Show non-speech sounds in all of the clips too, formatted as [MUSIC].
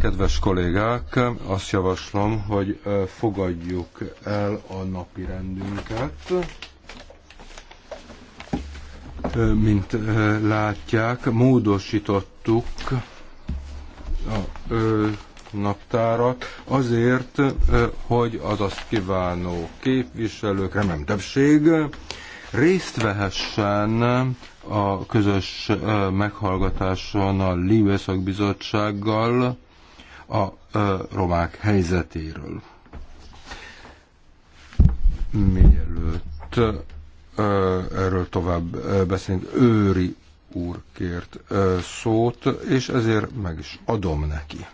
Kedves kollégák, azt javaslom, hogy fogadjuk el a napi rendünket. Mint látják, módosítottuk a naptárat azért, hogy az azt kívánó képviselők, remélem többség, részt vehessen a közös meghallgatáson a Líve bizottsággal a romák helyzetéről. Mielőtt erről tovább beszélünk, Őri úr kért szót, és ezért meg is adom neki.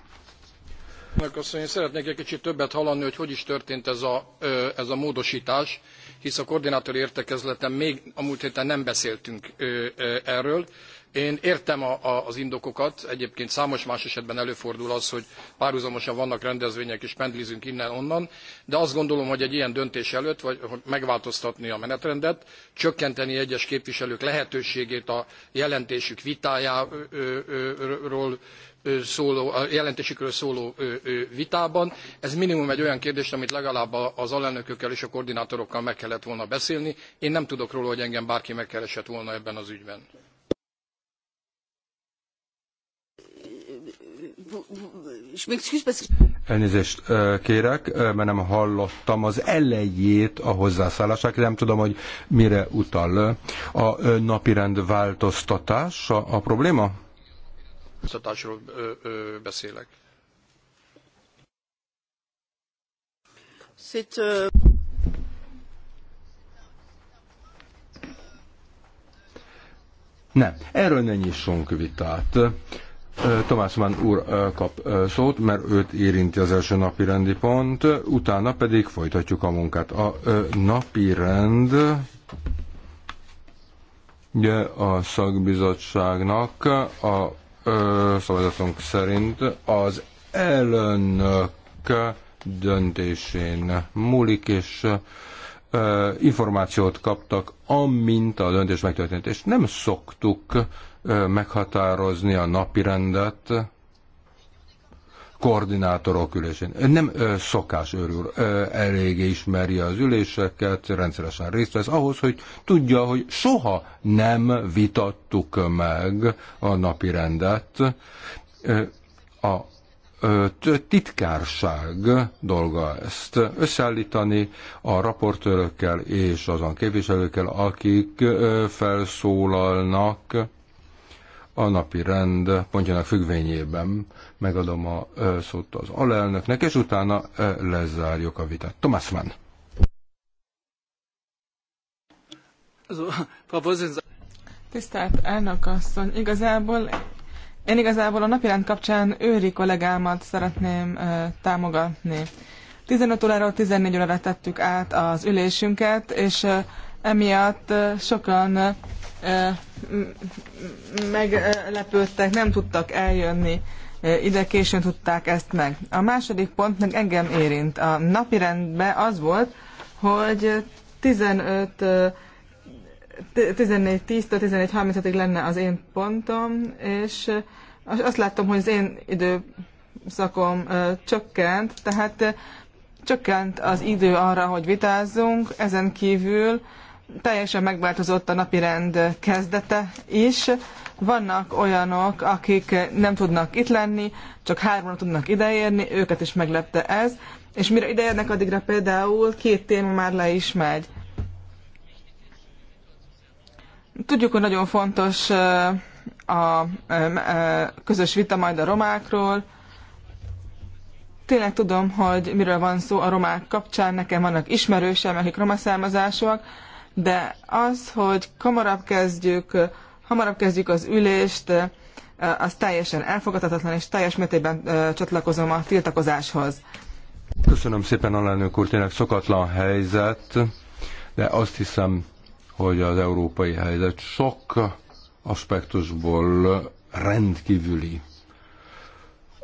Én szeretnék egy kicsit többet hallani, hogy hogy is történt ez a, ez a módosítás, hisz a koordinátori értekezleten még a múlt héten nem beszéltünk erről. Én értem a, a, az indokokat, egyébként számos más esetben előfordul az, hogy párhuzamosan vannak rendezvények és pendlizünk innen-onnan, de azt gondolom, hogy egy ilyen döntés előtt, vagy hogy megváltoztatni a menetrendet, csökkenteni egyes képviselők lehetőségét a jelentésük vitájáról szóló, a jelentésükről szóló vitában. Ez minimum egy olyan kérdés, amit legalább az alelnökökkel és a koordinátorokkal meg kellett volna beszélni. Én nem tudok róla, hogy engem bárki megkeresett volna ebben az ügyben. Elnézést kérek, mert nem hallottam az elejét a hozzászállásnak, nem tudom, hogy mire utal. A napirend változtatása a probléma? oktatásról beszélek. C'est, euh, Nem, erről ne nyissunk vitát. Tomás Mann úr kap szót, mert őt érinti az első napi rendi pont, utána pedig folytatjuk a munkát. A napi rend ugye, a szakbizottságnak a ö, szavazatunk szerint az elnök döntésén múlik, és ö, információt kaptak, amint a döntés megtörtént. És nem szoktuk ö, meghatározni a napi rendet, koordinátorok ülésén. Nem szokás őrül, eléggé ismeri az üléseket, rendszeresen részt vesz ahhoz, hogy tudja, hogy soha nem vitattuk meg a napi rendet. A titkárság dolga ezt összeállítani a raportőrökkel és azon képviselőkkel, akik felszólalnak a napi rend pontjának függvényében megadom a szót az alelnöknek, és utána lezárjuk a vitát. Thomas Mann. Tisztelt elnök asszony, igazából én igazából a napirend kapcsán őri kollégámat szeretném ö, támogatni. 15 óráról 14 óra tettük át az ülésünket, és ö, emiatt ö, sokan meglepődtek, nem tudtak eljönni ide, későn tudták ezt meg. A második pont meg engem érint. A rendben az volt, hogy 15 14.10-től 14.30-ig lenne az én pontom, és azt láttam, hogy az én időszakom csökkent, tehát csökkent az idő arra, hogy vitázzunk, ezen kívül teljesen megváltozott a napirend kezdete is. Vannak olyanok, akik nem tudnak itt lenni, csak hárman tudnak ideérni, őket is meglepte ez, és mire ideérnek addigra például két téma már le is megy. Tudjuk, hogy nagyon fontos a közös vita majd a romákról. Tényleg tudom, hogy miről van szó a romák kapcsán, nekem vannak ismerősem, akik roma származásúak, de az, hogy hamarabb kezdjük, hamarabb kezdjük az ülést, az teljesen elfogadhatatlan, és teljes mértékben csatlakozom a tiltakozáshoz. Köszönöm szépen, alelnök úr, tényleg szokatlan helyzet, de azt hiszem, hogy az európai helyzet sok aspektusból rendkívüli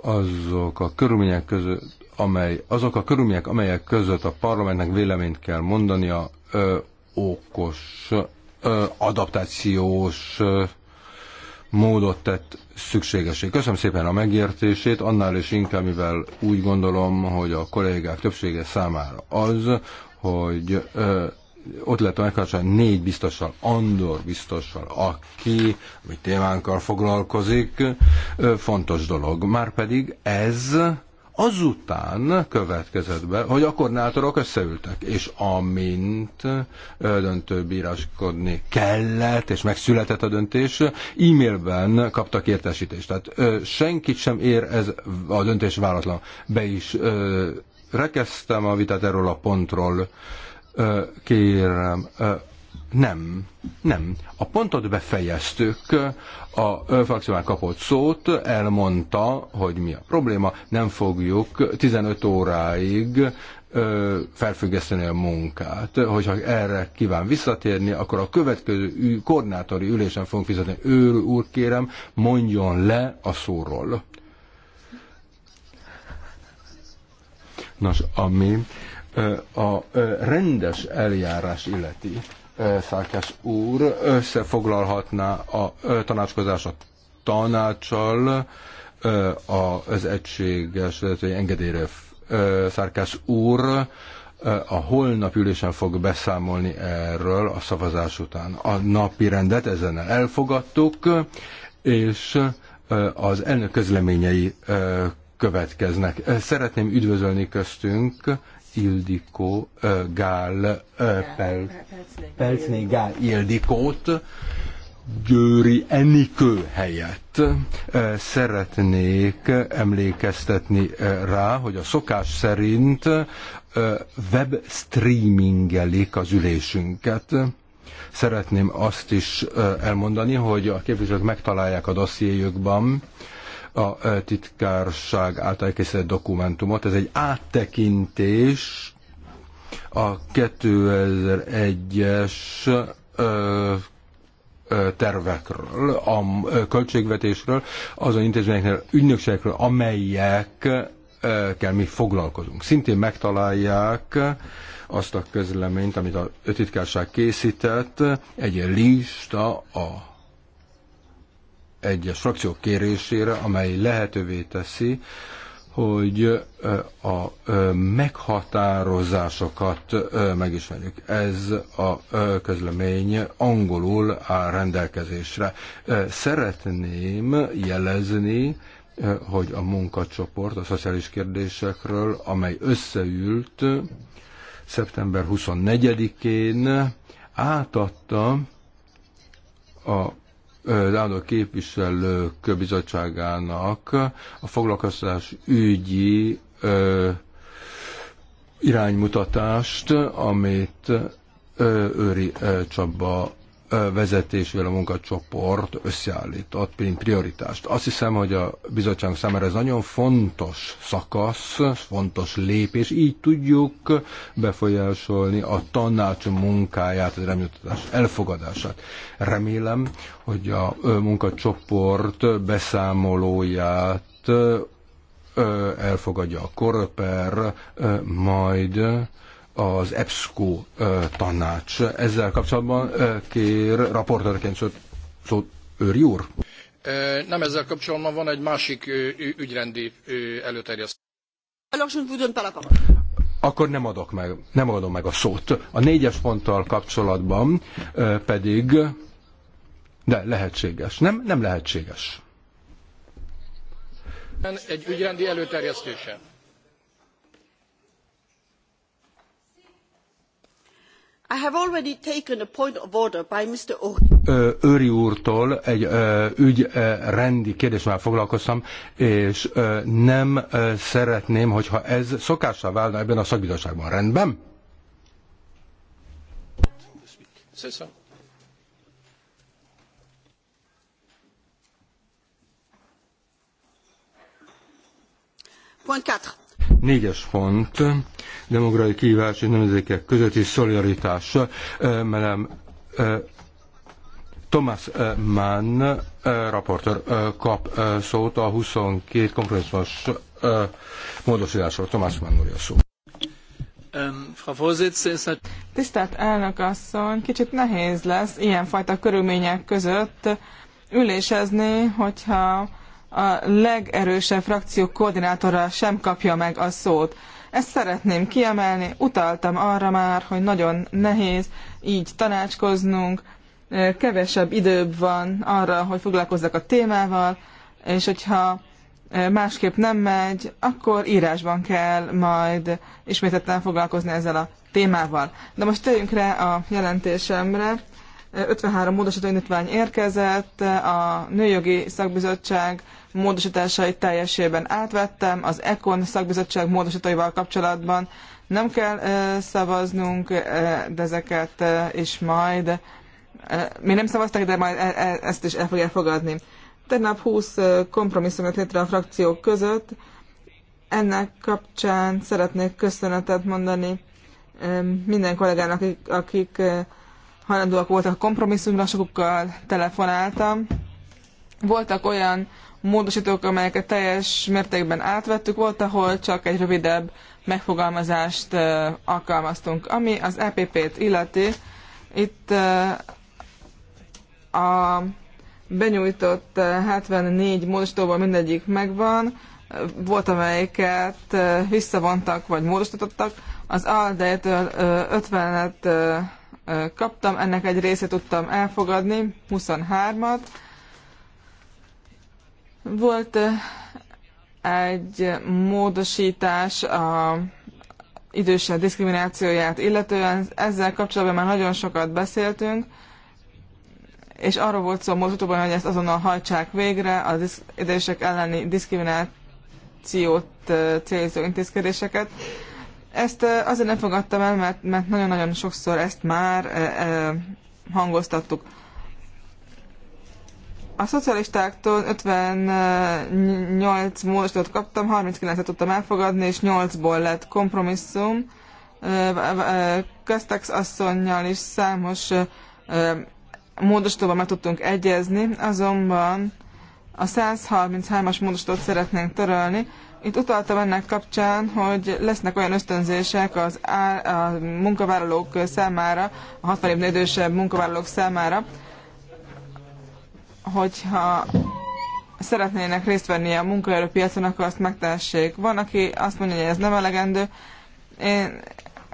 azok a körülmények között, amely, azok a körülmények, amelyek között a parlamentnek véleményt kell mondania, okos adaptációs módot tett szükségesé. Köszönöm szépen a megértését, annál is inkább, mivel úgy gondolom, hogy a kollégák többsége számára az, hogy ö, ott lehet a négy biztossal, Andor biztossal, aki a témánkkal foglalkozik, ö, fontos dolog. Márpedig ez azután következett be, hogy a koordinátorok összeültek, és amint döntő bíráskodni kellett, és megszületett a döntés, e-mailben kaptak értesítést. Tehát senkit sem ér ez a döntés váratlan. Be is rekeztem a vitát erről a pontról. Kérem, nem, nem. A pontot befejeztük, a frakció már kapott szót, elmondta, hogy mi a probléma, nem fogjuk 15 óráig ö, felfüggeszteni a munkát. Hogyha erre kíván visszatérni, akkor a következő koordinátori ülésen fogunk fizetni. Őr úr, kérem, mondjon le a szóról. Nos, ami a rendes eljárás illeti, Szárkás úr összefoglalhatná a tanácskozás a tanácsal az egységes vezetői engedélyre Szárkás úr a holnap ülésen fog beszámolni erről a szavazás után. A napi rendet ezen elfogadtuk, és az elnök közleményei következnek. Szeretném üdvözölni köztünk Ildikó Gál, Pel, Pelcné Gál Ildikót, Győri Enikő helyett szeretnék emlékeztetni rá, hogy a szokás szerint streamingelik az ülésünket. Szeretném azt is elmondani, hogy a képviselők megtalálják a dossziéjükben a titkárság által készített dokumentumot. Ez egy áttekintés a 2001-es tervekről, a költségvetésről, azon intézményeknél, ügynökségekről, amelyekkel mi foglalkozunk. Szintén megtalálják azt a közleményt, amit a titkárság készített, egy lista a egyes frakciók kérésére, amely lehetővé teszi, hogy a meghatározásokat megismerjük. Ez a közlemény angolul áll rendelkezésre. Szeretném jelezni, hogy a munkacsoport a szociális kérdésekről, amely összeült szeptember 24-én, átadta a állandó képviselők bizottságának a foglalkoztatás ügyi ö, iránymutatást, amit Őri Csaba vezetésével a munkacsoport összeállított prioritást. Azt hiszem, hogy a bizottság számára ez nagyon fontos szakasz, fontos lépés, így tudjuk befolyásolni a tanács munkáját, az reméltatás elfogadását. Remélem, hogy a munkacsoport beszámolóját elfogadja a korper, majd az EBSCO tanács. Ezzel kapcsolatban kér raportőrként szót, szót Őri úr. Nem ezzel kapcsolatban van egy másik ügyrendi előterjesztés. Akkor nem adok meg, nem adom meg a szót. A négyes ponttal kapcsolatban pedig, de lehetséges. Nem, nem lehetséges. Egy ügyrendi előterjesztése. I have already taken a point of order by Mr. Ö, Őri úrtól egy ö, ügy ö, rendi kérdésmel foglalkoztam, és ö, nem ö, szeretném, hogyha ez szokássá válna ebben a szakbizottságban. Rendben? Köszönöm. 4. Négyes font, demográfiai kihívás és nemzedékek közötti szolidaritás, melem Thomas Mann, raportőr kap szót a 22 kompromisszumos módosításról. Thomas Mann úr szó. Tisztelt elnök asszony, kicsit nehéz lesz ilyenfajta körülmények között ülésezni, hogyha a legerősebb frakció koordinátora sem kapja meg a szót. Ezt szeretném kiemelni, utaltam arra már, hogy nagyon nehéz így tanácskoznunk, kevesebb időbb van arra, hogy foglalkozzak a témával, és hogyha másképp nem megy, akkor írásban kell majd ismételten foglalkozni ezzel a témával. De most térjünk rá a jelentésemre. 53 módosító érkezett, a Nőjogi Szakbizottság módosításait teljesében átvettem, az ECON szakbizottság módosítóival kapcsolatban nem kell szavaznunk, de ezeket is majd, még nem szavaztak, de majd e, e, ezt is el fogják fogadni. Tegnap 20 kompromisszum jött létre a frakciók között, ennek kapcsán szeretnék köszönetet mondani minden kollégának, akik, akik hajlandóak voltak a kompromisszumra, sokukkal telefonáltam. Voltak olyan módosítók, amelyeket teljes mértékben átvettük, volt, ahol csak egy rövidebb megfogalmazást alkalmaztunk. Ami az EPP-t illeti, itt a benyújtott 74 módosítóból mindegyik megvan, volt amelyiket visszavontak vagy módosítottak, az ALDE-től 50-et kaptam, ennek egy részét tudtam elfogadni, 23-at. Volt egy módosítás a idősebb diszkriminációját illetően, ezzel kapcsolatban már nagyon sokat beszéltünk, és arról volt szó módosítóban, hogy ezt azonnal hajtsák végre, az idősek elleni diszkriminációt célzó intézkedéseket ezt azért nem fogadtam el, mert, mert nagyon-nagyon sokszor ezt már e, e, hangoztattuk. A szocialistáktól 58 módosítót kaptam, 39-et tudtam elfogadni, és 8-ból lett kompromisszum. Köztex asszonynal is számos módosítóban meg tudtunk egyezni, azonban a 133-as módosítót szeretnénk törölni, itt utaltam ennek kapcsán, hogy lesznek olyan ösztönzések az á, a munkavállalók számára, a 60 évnél idősebb munkavállalók számára, hogyha szeretnének részt venni a munkaerőpiacon, akkor azt megtessék. Van, aki azt mondja, hogy ez nem elegendő. Én,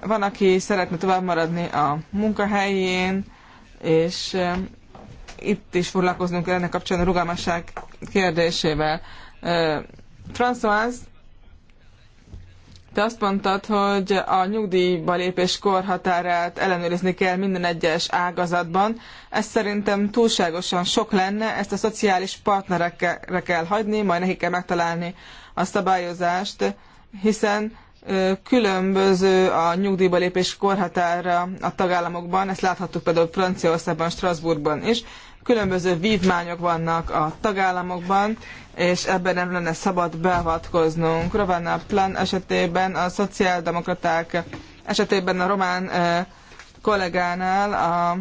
van, aki szeretne tovább maradni a munkahelyén, és eh, itt is foglalkoznunk ennek kapcsán a rugalmasság kérdésével eh, François, te azt mondtad, hogy a nyugdíjba lépés korhatárát ellenőrizni kell minden egyes ágazatban. Ez szerintem túlságosan sok lenne, ezt a szociális partnerekre kell hagyni, majd nekik kell megtalálni a szabályozást, hiszen különböző a nyugdíjba lépés korhatára a tagállamokban, ezt láthattuk például Franciaországban, Strasbourgban is, Különböző vívmányok vannak a tagállamokban, és ebben nem lenne szabad beavatkoznunk. Rovana Plan esetében a szociáldemokraták esetében a román eh, kollégánál a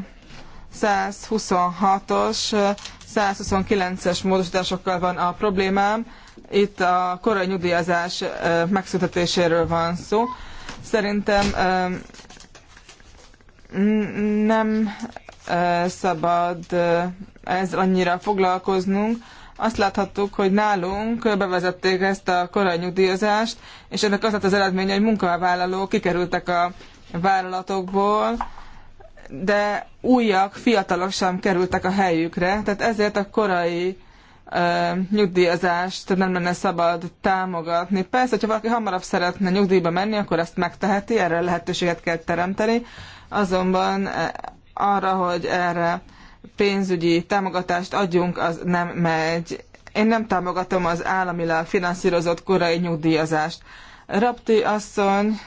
126-os, 129-es módosításokkal van a problémám. Itt a korai nyugdíjazás eh, megszüntetéséről van szó. Szerintem eh, nem szabad ezzel annyira foglalkoznunk. Azt láthattuk, hogy nálunk bevezették ezt a korai nyugdíjazást, és ennek az lett az eredménye, hogy munkavállalók kikerültek a vállalatokból, de újak, fiatalok sem kerültek a helyükre, tehát ezért a korai nyugdíjazást nem lenne szabad támogatni. Persze, hogyha valaki hamarabb szeretne nyugdíjba menni, akkor ezt megteheti, erre lehetőséget kell teremteni, azonban arra, hogy erre pénzügyi támogatást adjunk, az nem megy. Én nem támogatom az államilag finanszírozott korai nyugdíjazást. Rapti asszony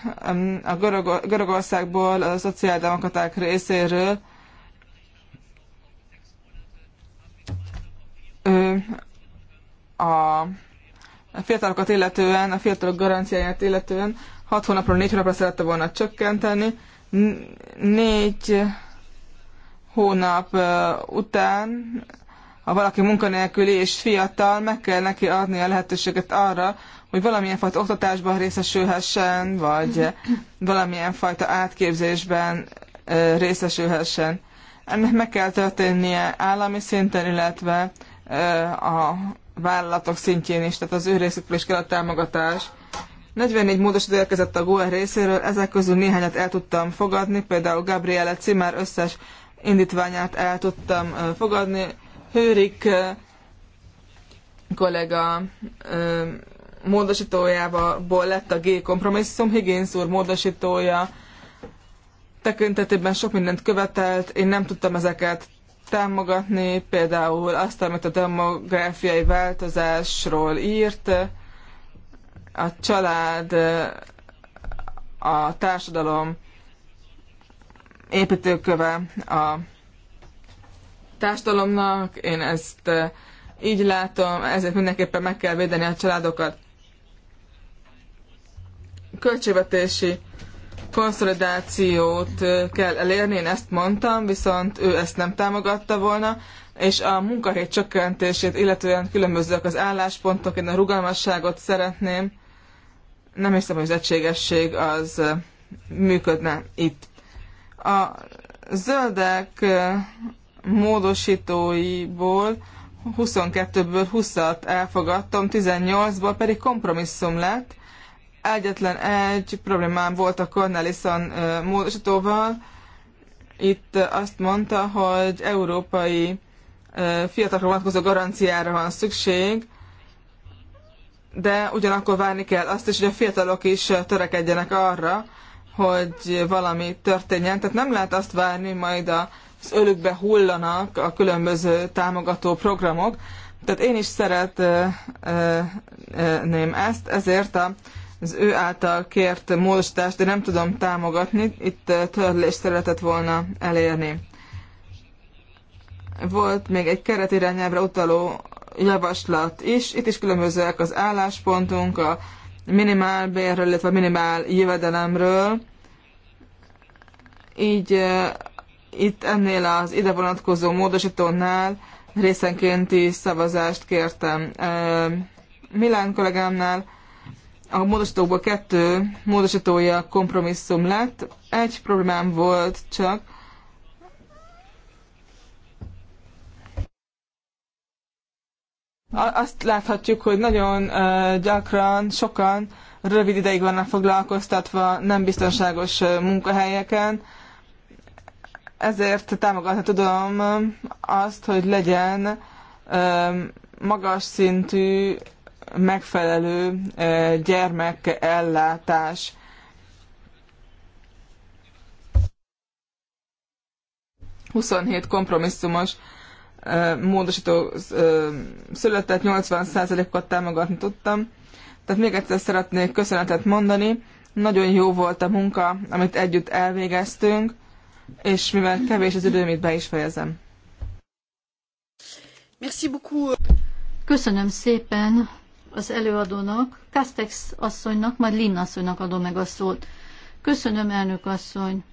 a Görög Görögországból, a szociáldemokraták részéről ő a fiatalokat illetően, a fiatalok garanciáját illetően 6 hónapról 4 hónapra szerette volna csökkenteni. Négy hónap után, ha valaki munkanélküli és fiatal, meg kell neki adni a lehetőséget arra, hogy valamilyen fajta oktatásban részesülhessen, vagy valamilyen fajta átképzésben részesülhessen. Ennek meg kell történnie állami szinten, illetve a vállalatok szintjén is, tehát az ő részükről is kell a támogatás. 44 módosító érkezett a GOE részéről, ezek közül néhányat el tudtam fogadni, például Gabriele Cimár összes indítványát el tudtam fogadni. Hőrik kollega módosítójából lett a G kompromisszum, Higgins úr módosítója tekintetében sok mindent követelt, én nem tudtam ezeket támogatni, például azt, amit a demográfiai változásról írt, a család, a társadalom építőköve a társadalomnak, én ezt eh, így látom, ezért mindenképpen meg kell védeni a családokat. Költségvetési konszolidációt eh, kell elérni, én ezt mondtam, viszont ő ezt nem támogatta volna, és a munkahely csökkentését, illetően különbözőek az álláspontok, én a rugalmasságot szeretném. Nem hiszem, hogy az egységesség az eh, működne itt. A zöldek módosítóiból 22-ből 20-at elfogadtam, 18-ból pedig kompromisszum lett. Egyetlen egy problémám volt a Cornelison módosítóval. Itt azt mondta, hogy európai fiatalokra vonatkozó garanciára van szükség, de ugyanakkor várni kell azt is, hogy a fiatalok is törekedjenek arra, hogy valami történjen. Tehát nem lehet azt várni, majd az ölükbe hullanak a különböző támogató programok. Tehát én is szeretném ezt, ezért az ő által kért módosítást, de nem tudom támogatni, itt törlést szeretett volna elérni. Volt még egy keretirányelvre utaló javaslat is, itt is különbözőek az álláspontunk, a minimál bérről, illetve minimál jövedelemről. Így itt ennél az ide vonatkozó módosítónál részenkénti szavazást kértem. Milán kollégámnál a módosítókból kettő módosítója kompromisszum lett. Egy problémám volt csak, azt láthatjuk, hogy nagyon gyakran sokan rövid ideig vannak foglalkoztatva nem biztonságos munkahelyeken, ezért támogatni tudom azt, hogy legyen magas szintű, megfelelő gyermekellátás. 27 kompromisszumos módosító született, 80 ot támogatni tudtam. Tehát még egyszer szeretnék köszönetet mondani. Nagyon jó volt a munka, amit együtt elvégeztünk, és mivel kevés az időm, itt be is fejezem. Merci beaucoup. Köszönöm szépen az előadónak, Castex asszonynak, majd Lin asszonynak adom meg a szót. Köszönöm, elnök asszony.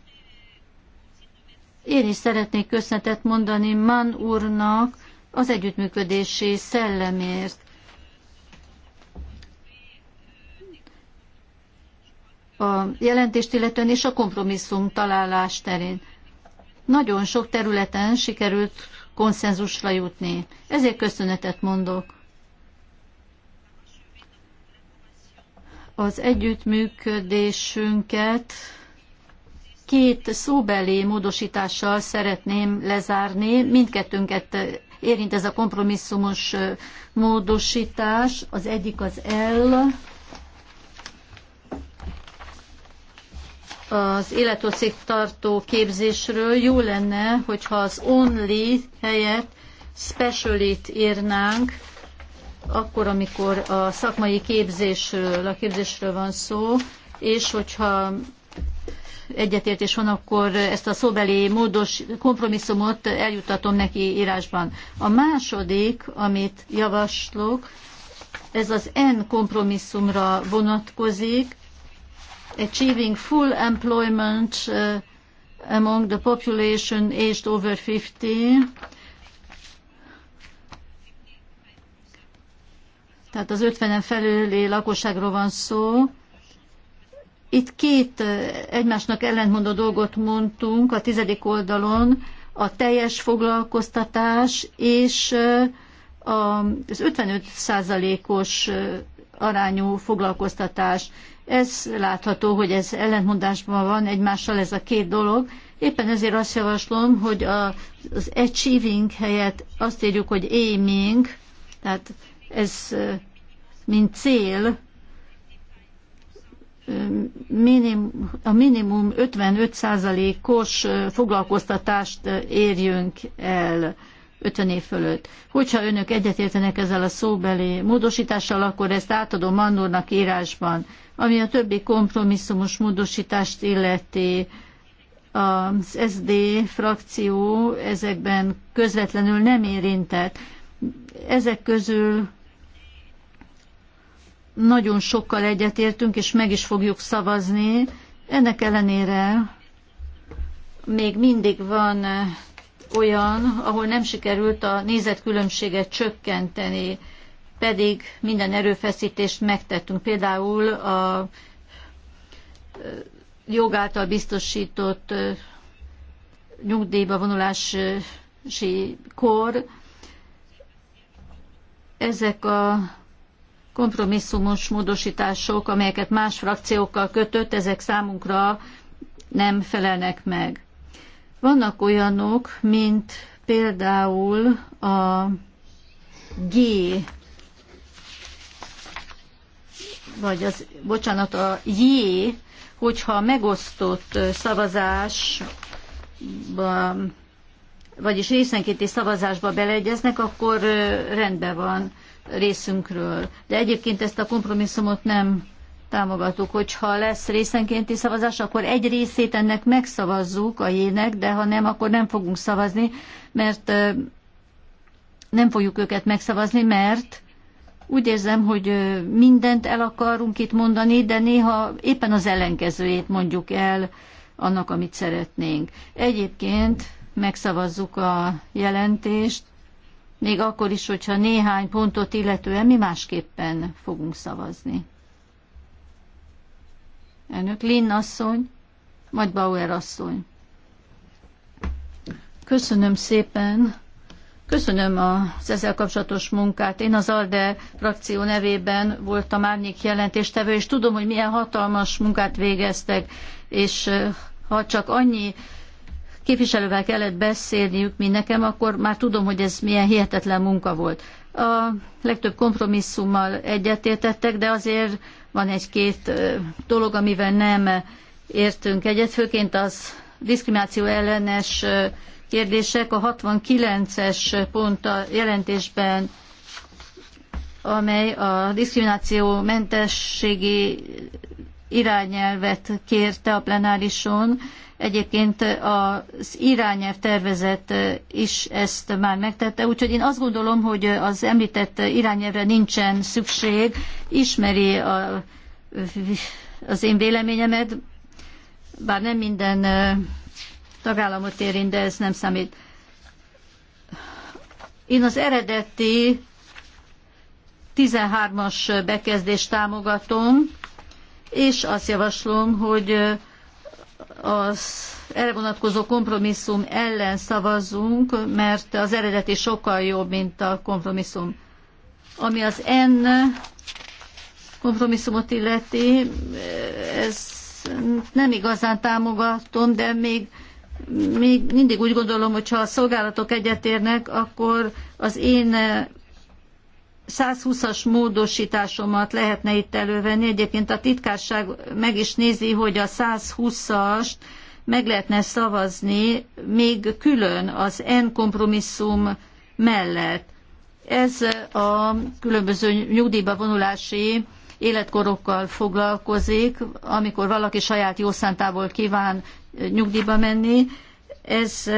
Én is szeretnék köszönetet mondani Mann úrnak az együttműködési szellemért. a jelentést illetően és a kompromisszum találás terén. Nagyon sok területen sikerült konszenzusra jutni. Ezért köszönetet mondok. Az együttműködésünket két szóbeli módosítással szeretném lezárni. Mindkettőnket érint ez a kompromisszumos módosítás. Az egyik az L, az élethosszig tartó képzésről. Jó lenne, hogyha az only helyett specialit írnánk, akkor, amikor a szakmai képzésről, a képzésről van szó, és hogyha egyetértés van, akkor ezt a szóbeli módos kompromisszumot eljutatom neki írásban. A második, amit javaslok, ez az N kompromisszumra vonatkozik, achieving full employment uh, among the population aged over 50, tehát az 50-en felüli lakosságról van szó, itt két egymásnak ellentmondó dolgot mondtunk a tizedik oldalon, a teljes foglalkoztatás és az 55 százalékos arányú foglalkoztatás. Ez látható, hogy ez ellentmondásban van egymással ez a két dolog. Éppen ezért azt javaslom, hogy a, az achieving helyett azt írjuk, hogy aiming, tehát ez mint cél, minim, a minimum 55%-os foglalkoztatást érjünk el 50 év fölött. Hogyha önök egyetértenek ezzel a szóbeli módosítással, akkor ezt átadom Andornak írásban. Ami a többi kompromisszumos módosítást illeti, az SD frakció ezekben közvetlenül nem érintett. Ezek közül nagyon sokkal egyetértünk, és meg is fogjuk szavazni. Ennek ellenére még mindig van eh, olyan, ahol nem sikerült a nézetkülönbséget csökkenteni, pedig minden erőfeszítést megtettünk. Például a eh, jogáltal biztosított eh, nyugdíjba vonulási kor, ezek a kompromisszumos módosítások, amelyeket más frakciókkal kötött, ezek számunkra nem felelnek meg. Vannak olyanok, mint például a G, vagy az, bocsánat, a J, hogyha megosztott szavazás vagyis részenkéti szavazásba beleegyeznek, akkor rendben van részünkről. De egyébként ezt a kompromisszumot nem támogatjuk, Hogyha lesz részenkénti szavazás, akkor egy részét ennek megszavazzuk a jének, de ha nem, akkor nem fogunk szavazni, mert nem fogjuk őket megszavazni, mert úgy érzem, hogy mindent el akarunk itt mondani, de néha éppen az ellenkezőjét mondjuk el annak, amit szeretnénk. Egyébként megszavazzuk a jelentést, még akkor is, hogyha néhány pontot illetően mi másképpen fogunk szavazni. Elnök Linn asszony, majd Bauer asszony. Köszönöm szépen. Köszönöm az ezzel kapcsolatos munkát. Én az ALDE frakció nevében voltam árnyék jelentéstevő, és tudom, hogy milyen hatalmas munkát végeztek, és eh, ha csak annyi képviselővel kellett beszélniük, mint nekem, akkor már tudom, hogy ez milyen hihetetlen munka volt. A legtöbb kompromisszummal egyetértettek, de azért van egy-két dolog, amivel nem értünk egyet, főként az diszkrimináció ellenes kérdések a 69-es pont a jelentésben, amely a diszkrimináció mentességi irányelvet kérte a plenárison. Egyébként az irányelv tervezet is ezt már megtette, úgyhogy én azt gondolom, hogy az említett irányelvre nincsen szükség, ismeri a, az én véleményemet, bár nem minden tagállamot érint, de ez nem számít. Én az eredeti 13-as bekezdést támogatom, és azt javaslom, hogy az erre vonatkozó kompromisszum ellen szavazzunk, mert az eredeti sokkal jobb, mint a kompromisszum. Ami az N kompromisszumot illeti, ez nem igazán támogatom, de még, még mindig úgy gondolom, hogy ha a szolgálatok egyetérnek, akkor az én 120-as módosításomat lehetne itt elővenni. Egyébként a titkárság meg is nézi, hogy a 120-ast meg lehetne szavazni még külön az N kompromisszum mellett. Ez a különböző nyugdíjba vonulási életkorokkal foglalkozik, amikor valaki saját jószántából kíván nyugdíjba menni. Ez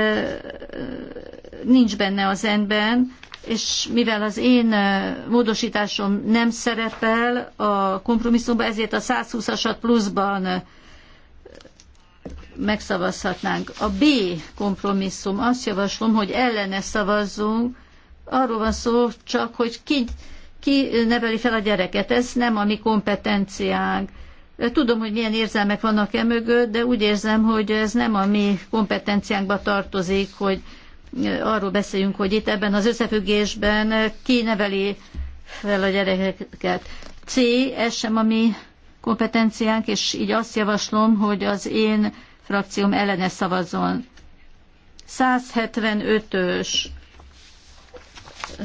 nincs benne az enben, és mivel az én módosításom nem szerepel a kompromisszumban, ezért a 120-asat pluszban megszavazhatnánk. A B kompromisszum, azt javaslom, hogy ellene szavazzunk, arról van szó csak, hogy ki, ki neveli fel a gyereket, ez nem a mi kompetenciánk. Tudom, hogy milyen érzelmek vannak e mögött, de úgy érzem, hogy ez nem a mi kompetenciánkba tartozik, hogy arról beszéljünk, hogy itt ebben az összefüggésben ki neveli fel a gyerekeket. C, ez sem a mi kompetenciánk, és így azt javaslom, hogy az én frakcióm ellene szavazzon. 175-ös.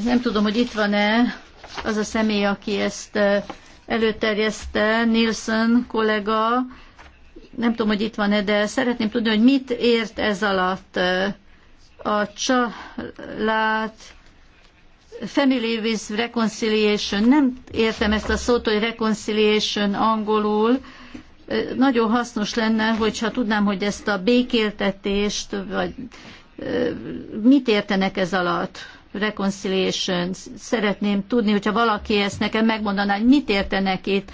Nem tudom, hogy itt van-e az a személy, aki ezt eh, előterjeszte, Nielsen kollega. Nem tudom, hogy itt van-e, de szeretném tudni, hogy mit ért ez alatt eh, a család Family with Reconciliation, nem értem ezt a szót, hogy reconciliation angolul, nagyon hasznos lenne, hogyha tudnám, hogy ezt a békéltetést, vagy mit értenek ez alatt, reconciliation, szeretném tudni, hogyha valaki ezt nekem megmondaná, hogy mit értenek itt,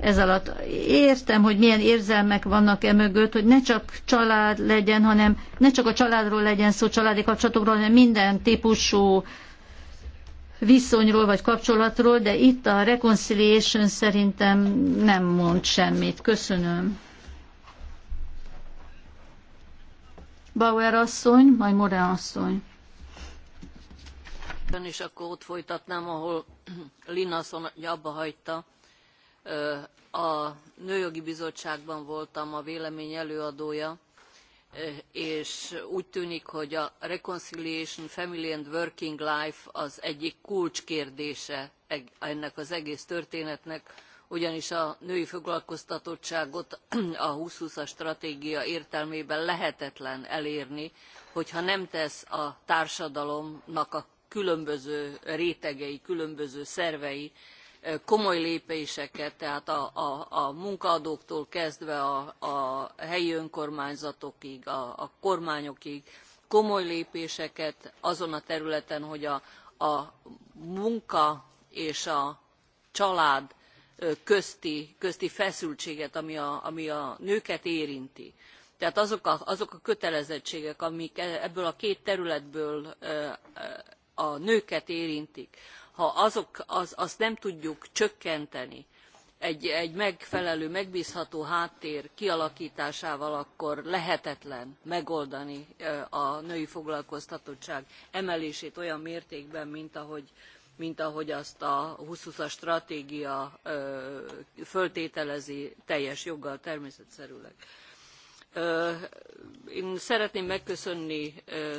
ez alatt. Értem, hogy milyen érzelmek vannak e mögött, hogy ne csak család legyen, hanem ne csak a családról legyen szó, családi kapcsolatokról, hanem minden típusú viszonyról vagy kapcsolatról, de itt a reconciliation szerintem nem mond semmit. Köszönöm. Bauer asszony, majd Morán asszony. Ön is akkor ott folytatnám, ahol Linasson abba hagyta a Nőjogi Bizottságban voltam a vélemény előadója, és úgy tűnik, hogy a Reconciliation Family and Working Life az egyik kulcskérdése ennek az egész történetnek, ugyanis a női foglalkoztatottságot [CLEARS THROAT] a 2020-as stratégia értelmében lehetetlen elérni, hogyha nem tesz a társadalomnak a különböző rétegei, különböző szervei komoly lépéseket, tehát a, a, a munkaadóktól kezdve a, a helyi önkormányzatokig, a, a kormányokig komoly lépéseket azon a területen, hogy a, a munka és a család közti, közti feszültséget, ami a, ami a nőket érinti. Tehát azok a, azok a kötelezettségek, amik e, ebből a két területből a nőket érintik, ha azok, az, azt nem tudjuk csökkenteni egy, megfelelő, megbzható háttér kialakításával, akkor lehetetlen megoldani a női foglalkoztatottság emelését olyan mértékben, mint ahogy, mint two thousand a twenty as stratégia föltételezi teljes joggal természetszerűleg én szeretném megköszönni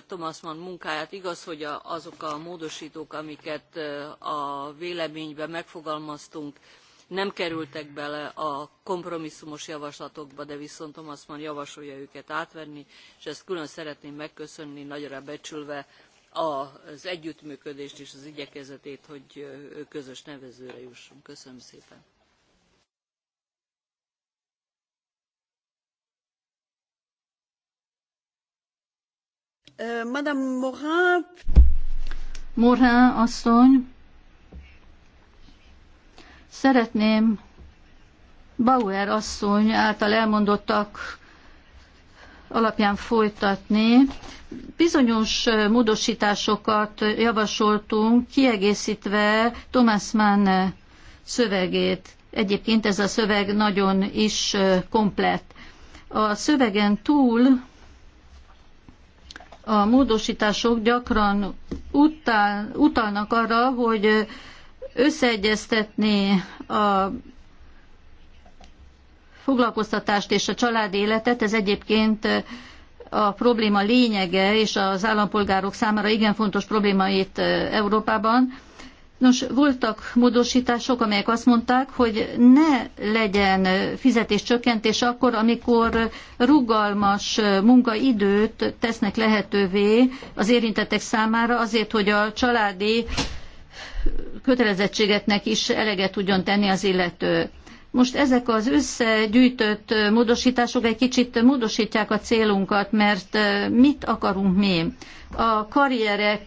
Thomas Mann munkáját. Igaz, hogy azok a módostók amiket a véleményben megfogalmaztunk, nem kerültek bele a kompromisszumos javaslatokba, de viszont Thomas Mann javasolja őket átvenni, és ezt külön szeretném megköszönni, nagyra becsülve az együttműködést és az igyekezetét, hogy közös nevezőre jussunk. Köszönöm szépen. Euh, Madame Morin. Morin asszony, szeretném Bauer asszony által elmondottak alapján folytatni. Bizonyos módosításokat javasoltunk, kiegészítve Thomas Mann szövegét. Egyébként ez a szöveg nagyon is komplett. A szövegen túl a módosítások gyakran utál, utalnak arra, hogy összeegyeztetni a foglalkoztatást és a családi életet, ez egyébként a probléma lényege és az állampolgárok számára igen fontos problémait eh, Európában. Nos, voltak módosítások, amelyek azt mondták, hogy ne legyen fizetéscsökkentés akkor, amikor rugalmas munkaidőt tesznek lehetővé az érintettek számára azért, hogy a családi kötelezettségetnek is eleget tudjon tenni az illető. Most ezek az összegyűjtött módosítások egy kicsit módosítják a célunkat, mert mit akarunk mi? A karrierek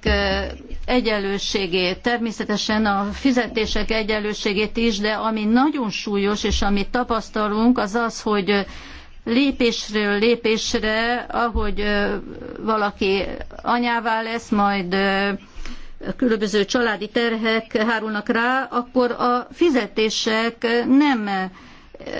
egyenlőségét, természetesen a fizetések egyenlőségét is, de ami nagyon súlyos, és amit tapasztalunk, az az, hogy lépésről lépésre, ahogy valaki anyává lesz, majd különböző családi terhek hárulnak rá, akkor a fizetések nem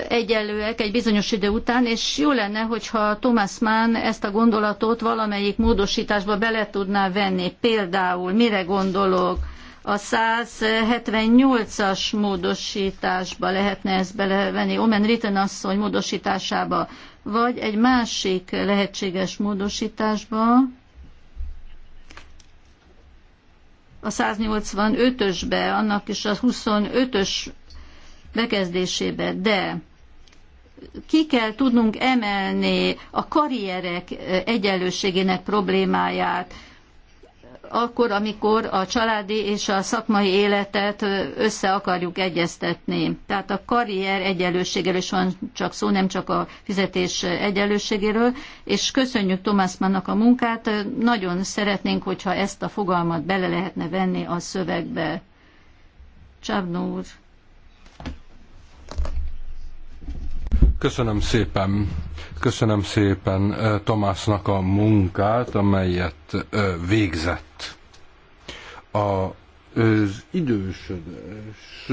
egyenlőek egy bizonyos idő után, és jó lenne, hogyha Thomas Mann ezt a gondolatot valamelyik módosításba bele tudná venni. Például mire gondolok? A 178-as módosításba lehetne ezt belevenni, Omen Ritten asszony módosításába, vagy egy másik lehetséges módosításba, a 185-ösbe, annak is a 25-ös bekezdésébe, de ki kell tudnunk emelni a karrierek egyenlőségének problémáját, akkor, amikor a családi és a szakmai életet össze akarjuk egyeztetni. Tehát a karrier egyenlőségéről is van csak szó, nem csak a fizetés egyenlőségéről, és köszönjük Thomas a munkát. Nagyon szeretnénk, hogyha ezt a fogalmat bele lehetne venni a szövegbe. Csávnó úr. Köszönöm szépen. Köszönöm szépen Tomásnak a munkát, amelyet végzett az idősödés,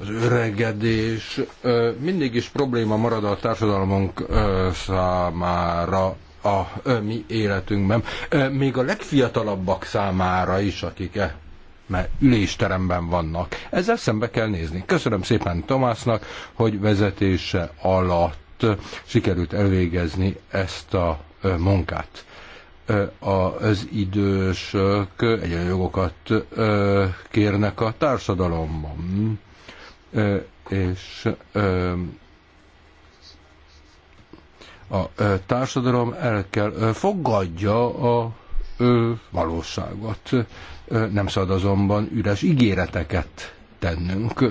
az öregedés mindig is probléma marad a társadalmunk számára a mi életünkben, még a legfiatalabbak számára is, akik -e mert ülésteremben vannak. Ezzel szembe kell nézni. Köszönöm szépen Tomásnak, hogy vezetése alatt sikerült elvégezni ezt a munkát az idősök egyenjogokat kérnek a társadalomban. És a társadalom el kell fogadja a valóságot. Nem szabad azonban üres ígéreteket tennünk.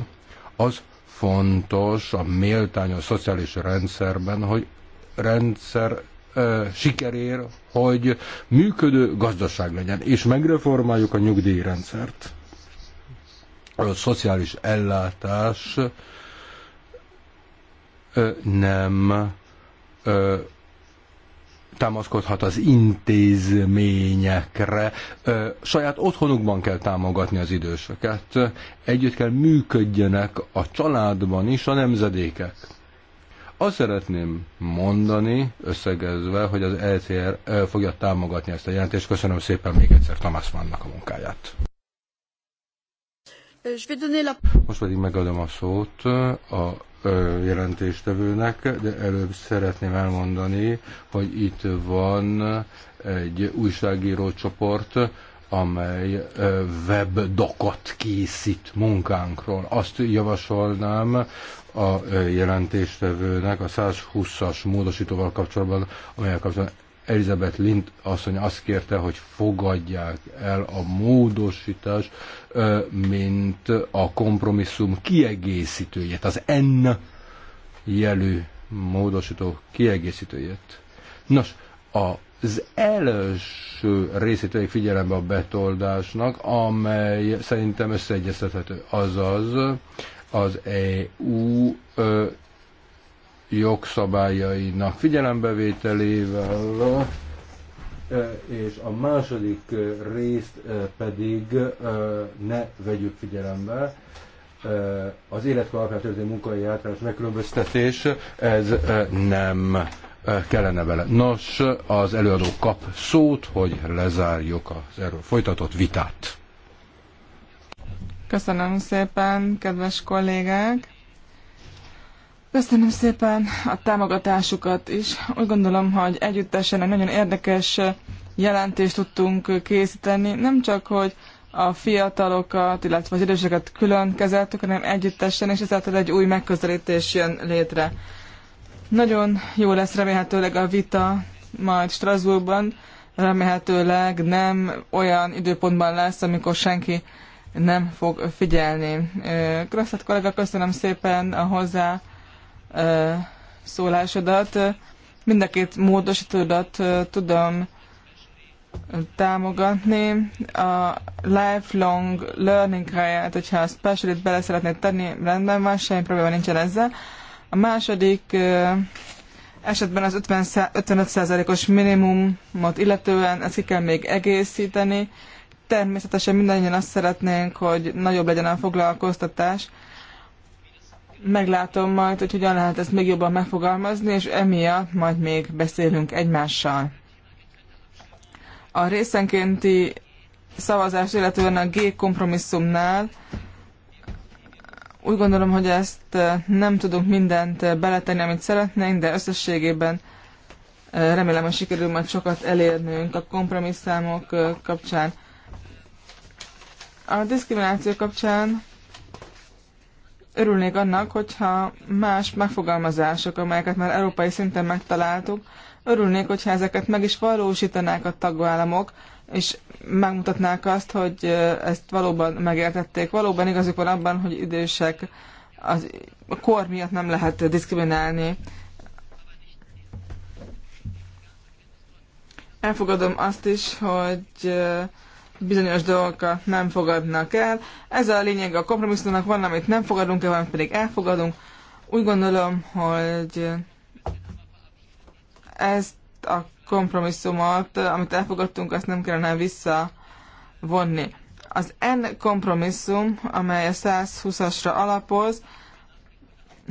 Az fontos a méltányos szociális rendszerben, hogy rendszer sikerér, hogy működő gazdaság legyen, és megreformáljuk a nyugdíjrendszert. A szociális ellátás nem támaszkodhat az intézményekre. Saját otthonukban kell támogatni az időseket. Együtt kell működjenek a családban is a nemzedékek. Azt szeretném mondani, összegezve, hogy az ECR fogja támogatni ezt a jelentést. Köszönöm szépen még egyszer Tamás Mannak a munkáját. Most pedig megadom a szót a jelentéstevőnek, de előbb szeretném elmondani, hogy itt van egy újságíró csoport, amely webdokot készít munkánkról. Azt javasolnám, a jelentéstevőnek a 120-as módosítóval kapcsolatban, amelyek kapcsolatban Elizabeth Lind asszony azt kérte, hogy fogadják el a módosítást, mint a kompromisszum kiegészítőjét, az N jelű módosító kiegészítőjét. Nos, az első részét vegyük figyelembe a betoldásnak, amely szerintem összeegyeztethető. Azaz, az EU ö, jogszabályainak figyelembevételével, és a második részt pedig ne vegyük figyelembe, az életkor alapján munkai általános megkülönböztetés, ez nem kellene vele. Nos, az előadó kap szót, hogy lezárjuk az erről folytatott vitát. Köszönöm szépen, kedves kollégák! Köszönöm szépen a támogatásukat is. Úgy gondolom, hogy együttesen egy nagyon érdekes jelentést tudtunk készíteni. Nem csak, hogy a fiatalokat, illetve az időseket külön kezeltük, hanem együttesen, és ezáltal egy új megközelítés jön létre. Nagyon jó lesz remélhetőleg a vita majd Strasbourgban, remélhetőleg nem olyan időpontban lesz, amikor senki nem fog figyelni. Krasztat kollega, köszönöm szépen a hozzá szólásodat. Mind a két módosítódat tudom támogatni. A lifelong learning helyett, hogyha a specialit bele szeretnéd tenni, rendben van, semmi probléma nincsen ezzel. A második esetben az 50, 55%-os minimumot illetően ezt ki kell még egészíteni. Természetesen mindannyian azt szeretnénk, hogy nagyobb legyen a foglalkoztatás. Meglátom majd, hogy hogyan lehet ezt még jobban megfogalmazni, és emiatt majd még beszélünk egymással. A részenkénti szavazás illetően a G kompromisszumnál úgy gondolom, hogy ezt nem tudunk mindent beletenni, amit szeretnénk, de összességében remélem, hogy sikerül majd sokat elérnünk a kompromisszámok kapcsán. A diszkrimináció kapcsán örülnék annak, hogyha más megfogalmazások, amelyeket már európai szinten megtaláltuk, örülnék, hogyha ezeket meg is valósítanák a tagállamok, és megmutatnák azt, hogy ezt valóban megértették. Valóban igazuk van abban, hogy idősek az, a kor miatt nem lehet diszkriminálni. Elfogadom azt is, hogy bizonyos dolgokat nem fogadnak el. Ez a lényeg a kompromisszumnak, van, amit nem fogadunk el, van, pedig elfogadunk. Úgy gondolom, hogy ezt a kompromisszumot, amit elfogadtunk, azt nem kellene visszavonni. Az N kompromisszum, amely a 120-asra alapoz,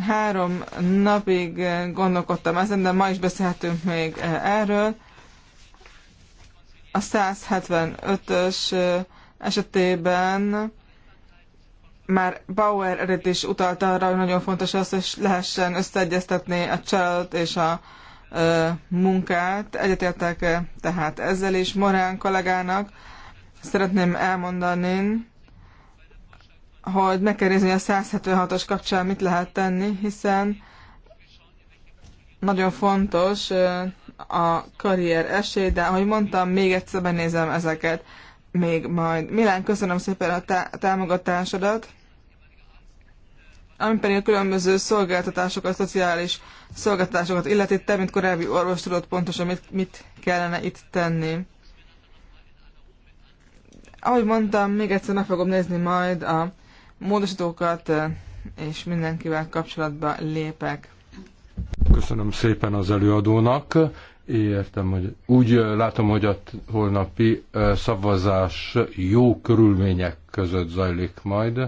három napig gondolkodtam ezen, de ma is beszélhetünk még erről. A 175-ös esetében már Bauer eredét is utalt arra, hogy nagyon fontos az, hogy lehessen összeegyeztetni a család és a ö, munkát. Egyetértek tehát ezzel is Morán kollégának. Szeretném elmondani, hogy meg kell nézni, hogy a 176-os kapcsán mit lehet tenni, hiszen nagyon fontos a karrier esély, de ahogy mondtam, még egyszer benézem ezeket még majd. Milán, köszönöm szépen a tá- támogatásodat. Ami pedig a különböző szolgáltatásokat, szociális szolgáltatásokat illeti, te, mint korábbi orvos tudod pontosan, mit, mit kellene itt tenni. Ahogy mondtam, még egyszer meg fogom nézni majd a módosítókat, és mindenkivel kapcsolatba lépek. Köszönöm szépen az előadónak. Értem, hogy úgy látom, hogy a holnapi szavazás jó körülmények között zajlik majd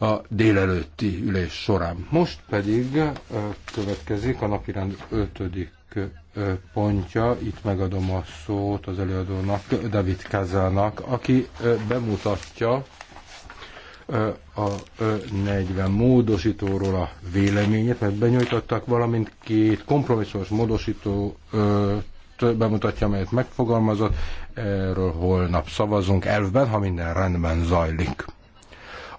a délelőtti ülés során. Most pedig következik a napirend ötödik pontja. Itt megadom a szót az előadónak, David Kazának, aki bemutatja a 40 módosítóról a véleményet, mert benyújtottak, valamint két kompromisszós módosító bemutatja, amelyet megfogalmazott. Erről holnap szavazunk elvben, ha minden rendben zajlik.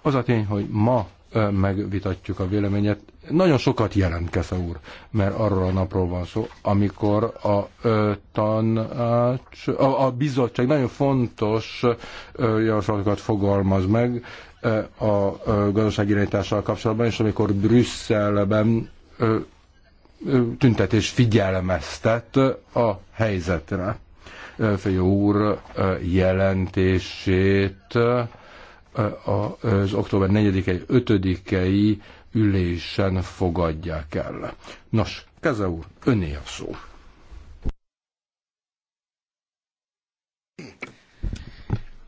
Az a tény, hogy ma megvitatjuk a véleményet, nagyon sokat jelent Kesze úr, mert arról a napról van szó, amikor a ö, tanács, a, a bizottság nagyon fontos ö, javaslatokat fogalmaz meg ö, a ö, irányítással kapcsolatban, és amikor Brüsszelben ö, ö, tüntetés figyelmeztet a helyzetre. Fejó úr jelentését az október 4-i, 5-i ülésen fogadják el. Nos, Keze úr, öné a szó.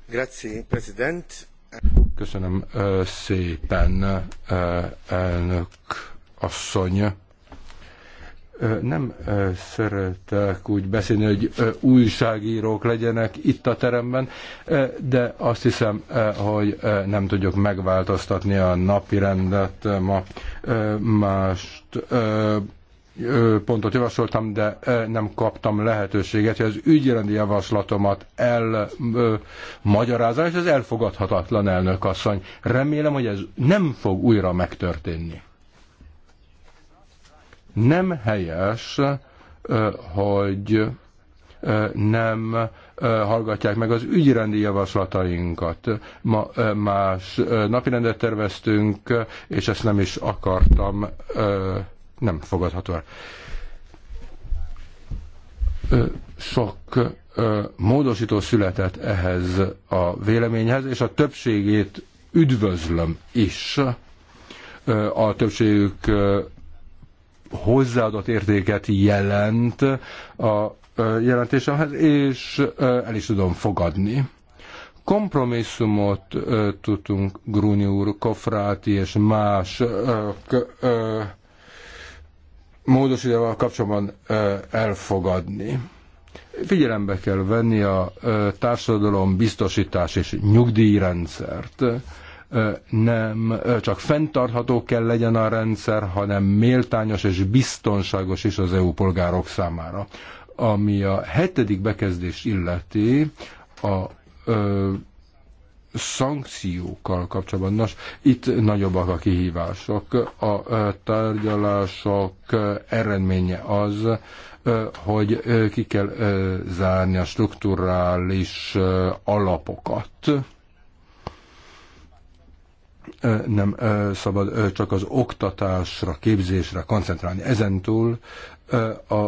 Grazie, president. Köszönöm szépen, elnök asszony nem szeretek úgy beszélni, hogy újságírók legyenek itt a teremben, de azt hiszem, hogy nem tudjuk megváltoztatni a napi rendet ma. Mást pontot javasoltam, de nem kaptam lehetőséget, hogy az ügyrendi javaslatomat elmagyarázza, és ez elfogadhatatlan elnök asszony. Remélem, hogy ez nem fog újra megtörténni. Nem helyes, hogy nem hallgatják meg az ügyrendi javaslatainkat. Ma más napirendet terveztünk, és ezt nem is akartam, nem fogadható el. Sok módosító született ehhez a véleményhez, és a többségét üdvözlöm is. A többségük hozzáadott értéket jelent a jelentésemhez, és el is tudom fogadni. Kompromisszumot tudtunk Gruni úr, Kofráti és más módosítával kapcsolatban elfogadni. Figyelembe kell venni a társadalom biztosítás és nyugdíjrendszert nem csak fenntartható kell legyen a rendszer, hanem méltányos és biztonságos is az EU polgárok számára. Ami a hetedik bekezdést illeti, a ö, szankciókkal kapcsolatban. Nos, itt nagyobbak a kihívások. A tárgyalások eredménye az, hogy ki kell zárni a strukturális alapokat nem szabad csak az oktatásra, képzésre koncentrálni. Ezentúl a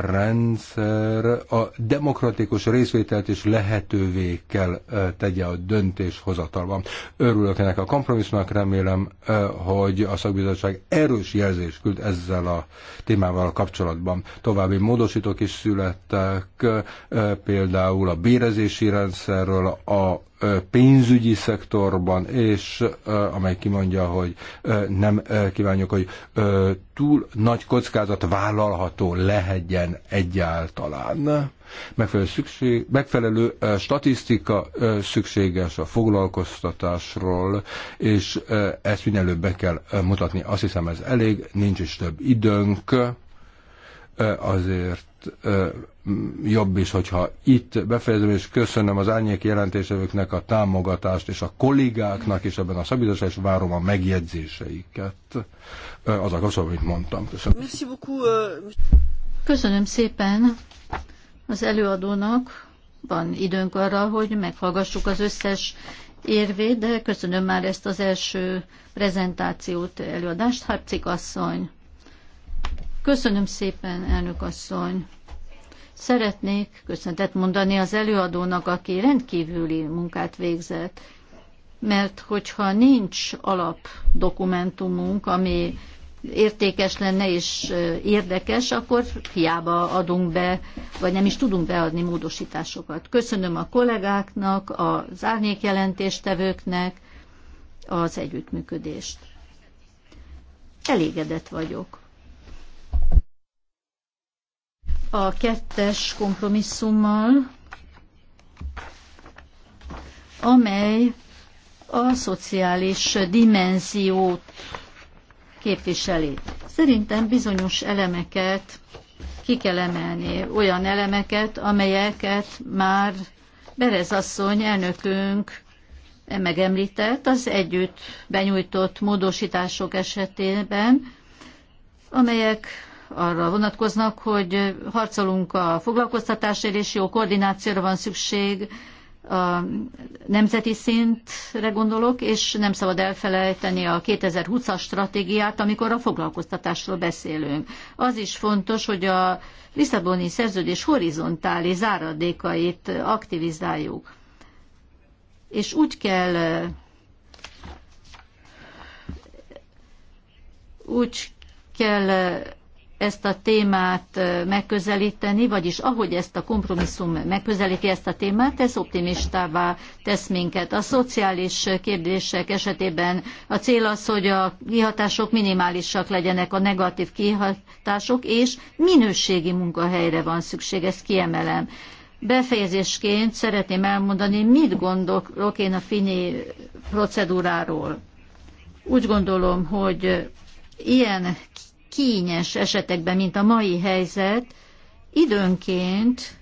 rendszer a demokratikus részvételt is lehetővé kell tegye a döntéshozatalban. Örülök ennek a kompromisszumnak, remélem, hogy a szakbizottság erős jelzést küld ezzel a témával a kapcsolatban. További módosítók is születtek, például a bérezési rendszerről, a pénzügyi szektorban, és amely kimondja, hogy nem kívánjuk, hogy túl nagy kockázat vállalható lehetjen egyáltalán. Megfelelő, szükség, megfelelő statisztika szükséges a foglalkoztatásról, és ezt minél be kell mutatni. Azt hiszem ez elég, nincs is több időnk, azért jobb is, hogyha itt befejezem, és köszönöm az árnyék jelentésevőknek a támogatást, és a kollégáknak is ebben a szabadság, és várom a megjegyzéseiket. Az a kapcsolatban, amit mondtam. Köszönöm. Euh, köszönöm szépen az előadónak. Van időnk arra, hogy meghallgassuk az összes érvét, de köszönöm már ezt az első prezentációt, előadást. Harcik asszony. Köszönöm szépen, elnök asszony. Szeretnék köszöntet mondani az előadónak, aki rendkívüli munkát végzett, mert hogyha nincs alap dokumentumunk, ami értékes lenne és érdekes, akkor hiába adunk be, vagy nem is tudunk beadni módosításokat. Köszönöm a kollégáknak, az árnyékjelentéstevőknek az együttműködést. Elégedett vagyok a kettes kompromisszummal, amely a szociális dimenziót képviseli. Szerintem bizonyos elemeket ki kell emelni, olyan elemeket, amelyeket már Berez asszony elnökünk megemlített az együtt benyújtott módosítások esetében, amelyek arra vonatkoznak, hogy harcolunk a foglalkoztatásért, és jó koordinációra van szükség, a nemzeti szintre gondolok, és nem szabad elfelejteni a 2020-as stratégiát, amikor a foglalkoztatásról beszélünk. Az is fontos, hogy a Lisszaboni szerződés horizontális záradékait aktivizáljuk. És úgy kell úgy kell ezt a témát megközelíteni, vagyis ahogy ezt a kompromisszum megközelíti ezt a témát, ez optimistává tesz minket. A szociális kérdések esetében a cél az, hogy a kihatások minimálisak legyenek, a negatív kihatások, és minőségi munkahelyre van szükség, ezt kiemelem. Befejezésként szeretném elmondani, mit gondolok én a fini procedúráról. Úgy gondolom, hogy ilyen kényes esetekben, mint a mai helyzet, időnként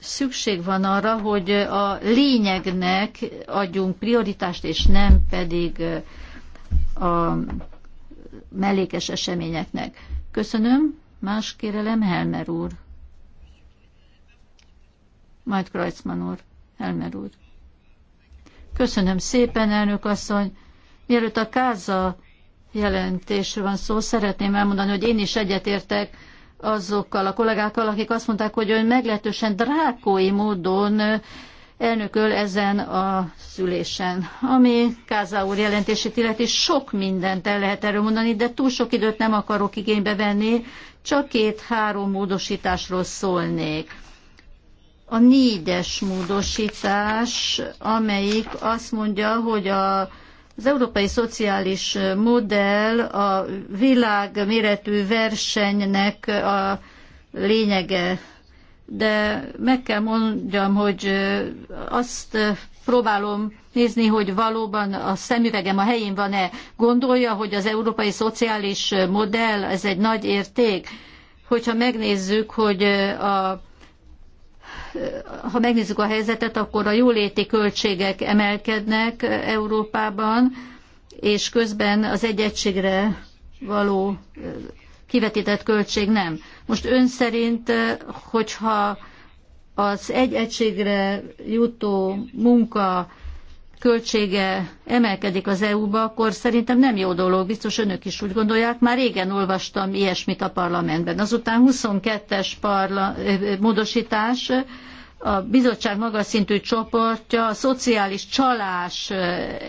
szükség van arra, hogy a lényegnek adjunk prioritást, és nem pedig a mellékes eseményeknek. Köszönöm. Más kérelem, Helmer úr. Majd Krajcman úr. Helmer úr. Köszönöm szépen, elnök asszony. Mielőtt a Káza jelentésről van szó. Szeretném elmondani, hogy én is egyetértek azokkal a kollégákkal, akik azt mondták, hogy ön meglehetősen drákói módon elnököl ezen a szülésen. Ami Kázá úr jelentését illeti, sok mindent el lehet erről mondani, de túl sok időt nem akarok igénybe venni, csak két-három módosításról szólnék. A négyes módosítás, amelyik azt mondja, hogy a az európai szociális modell a világméretű versenynek a lényege. De meg kell mondjam, hogy azt próbálom nézni, hogy valóban a szemüvegem a helyén van-e. Gondolja, hogy az európai szociális modell, ez egy nagy érték? Hogyha megnézzük, hogy a ha megnézzük a helyzetet, akkor a jóléti költségek emelkednek Európában, és közben az egyegységre való kivetített költség nem. Most ön szerint, hogyha az egy egységre jutó munka költsége emelkedik az EU-ba, akkor szerintem nem jó dolog, biztos önök is úgy gondolják. Már régen olvastam ilyesmit a parlamentben. Azután 22-es parla- módosítás, a bizottság magas szintű csoportja a szociális csalás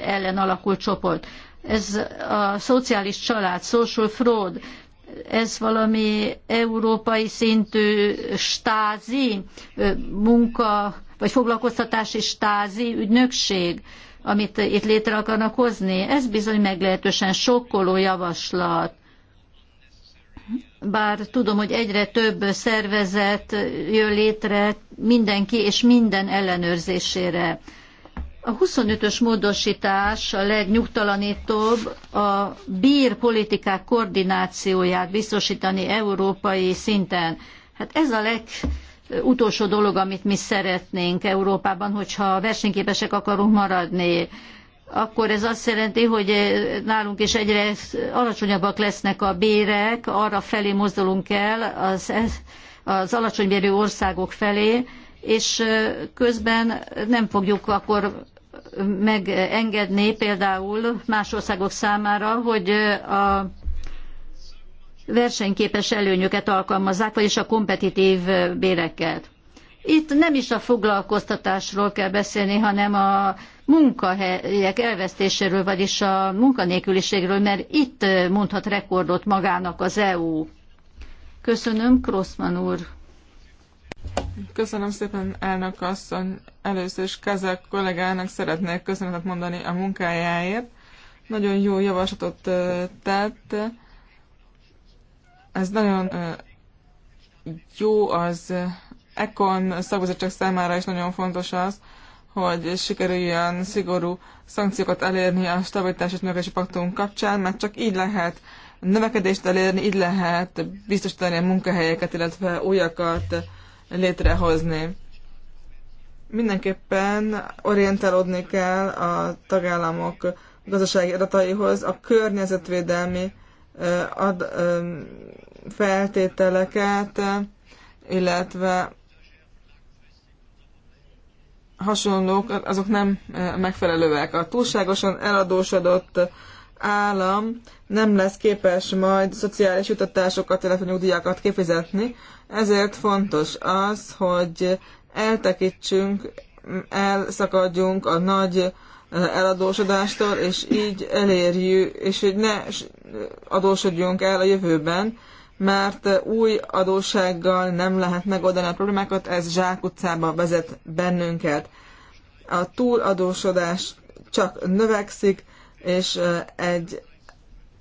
ellen alakult csoport. Ez a szociális család, social fraud, ez valami európai szintű stázi munka, vagy foglalkoztatási stázi ügynökség, amit itt létre akarnak hozni. Ez bizony meglehetősen sokkoló javaslat bár tudom, hogy egyre több szervezet jön létre mindenki és minden ellenőrzésére. A 25-ös módosítás a legnyugtalanítóbb a bír politikák koordinációját biztosítani európai szinten. Hát ez a leg utolsó dolog, amit mi szeretnénk Európában, hogyha versenyképesek akarunk maradni akkor ez azt jelenti, hogy eh, nálunk is egyre alacsonyabbak lesznek a bérek, arra felé mozdulunk el az, az alacsony bérű országok felé, és eh, közben nem fogjuk akkor megengedni például más országok számára, hogy eh, a versenyképes előnyöket alkalmazzák, vagyis a kompetitív béreket. Itt nem is a foglalkoztatásról kell beszélni, hanem a munkahelyek elvesztéséről, vagyis a munkanélküliségről, mert itt mondhat rekordot magának az EU. Köszönöm, Krossman úr. Köszönöm szépen, elnök asszony. Először is Kazak kollégának szeretnék köszönetet mondani a munkájáért. Nagyon jó javaslatot tett. Ez nagyon jó az Ekon szakbizottság számára is nagyon fontos az, hogy sikerüljön szigorú szankciókat elérni a stabilitás és növekedési paktum kapcsán, mert csak így lehet növekedést elérni, így lehet biztosítani a munkahelyeket, illetve újakat létrehozni. Mindenképpen orientálódni kell a tagállamok gazdasági adataihoz, a környezetvédelmi ad, feltételeket, illetve hasonlók, azok nem e, megfelelőek. A túlságosan eladósodott állam nem lesz képes majd szociális jutatásokat, illetve nyugdíjakat kifizetni, ezért fontos az, hogy eltekítsünk, elszakadjunk a nagy e, eladósodástól, és így elérjük, és hogy ne e, adósodjunk el a jövőben, mert új adósággal nem lehet megoldani a problémákat, ez zsákutcába vezet bennünket. A túladósodás csak növekszik, és egy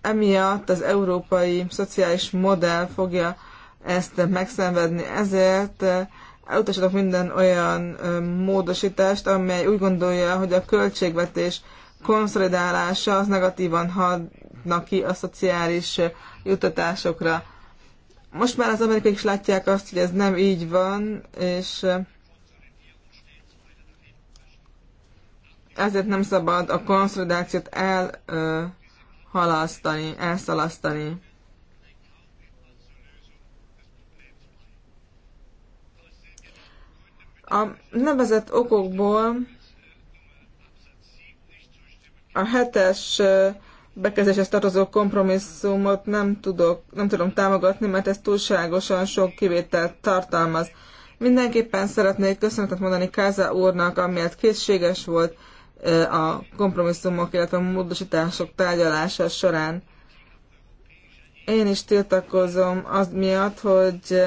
emiatt az európai szociális modell fogja ezt megszenvedni. Ezért elutasítok minden olyan módosítást, amely úgy gondolja, hogy a költségvetés konszolidálása az negatívan hadna ki a szociális juttatásokra. Most már az amerikai is látják azt, hogy ez nem így van, és ezért nem szabad a konszolidációt elhalasztani, elszalasztani. A nevezett okokból a hetes bekezdéshez tartozó kompromisszumot nem, tudok, nem tudom támogatni, mert ez túlságosan sok kivételt tartalmaz. Mindenképpen szeretnék köszönetet mondani Káza úrnak, amiért készséges volt a kompromisszumok, illetve a módosítások tárgyalása során. Én is tiltakozom az miatt, hogy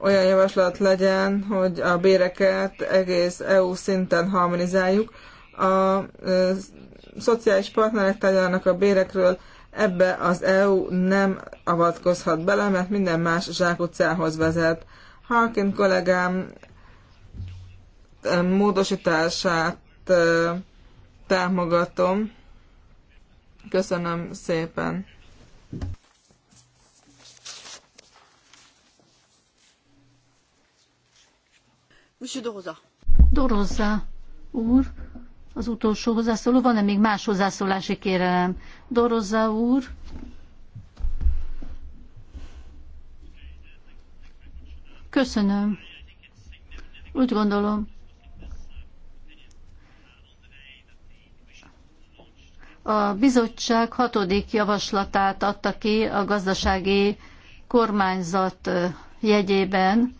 olyan javaslat legyen, hogy a béreket egész EU szinten harmonizáljuk. A szociális partnerek tárgyalnak a bérekről, ebbe az EU nem avatkozhat bele, mert minden más zsákutcához vezet. Harkin kollégám módosítását támogatom. Köszönöm szépen. Monsieur Doroza. Doroza úr, az utolsó hozzászóló. Van-e még más hozzászólási kérelem? Dorozza úr. Köszönöm. Úgy gondolom, a bizottság hatodik javaslatát adta ki a gazdasági kormányzat jegyében,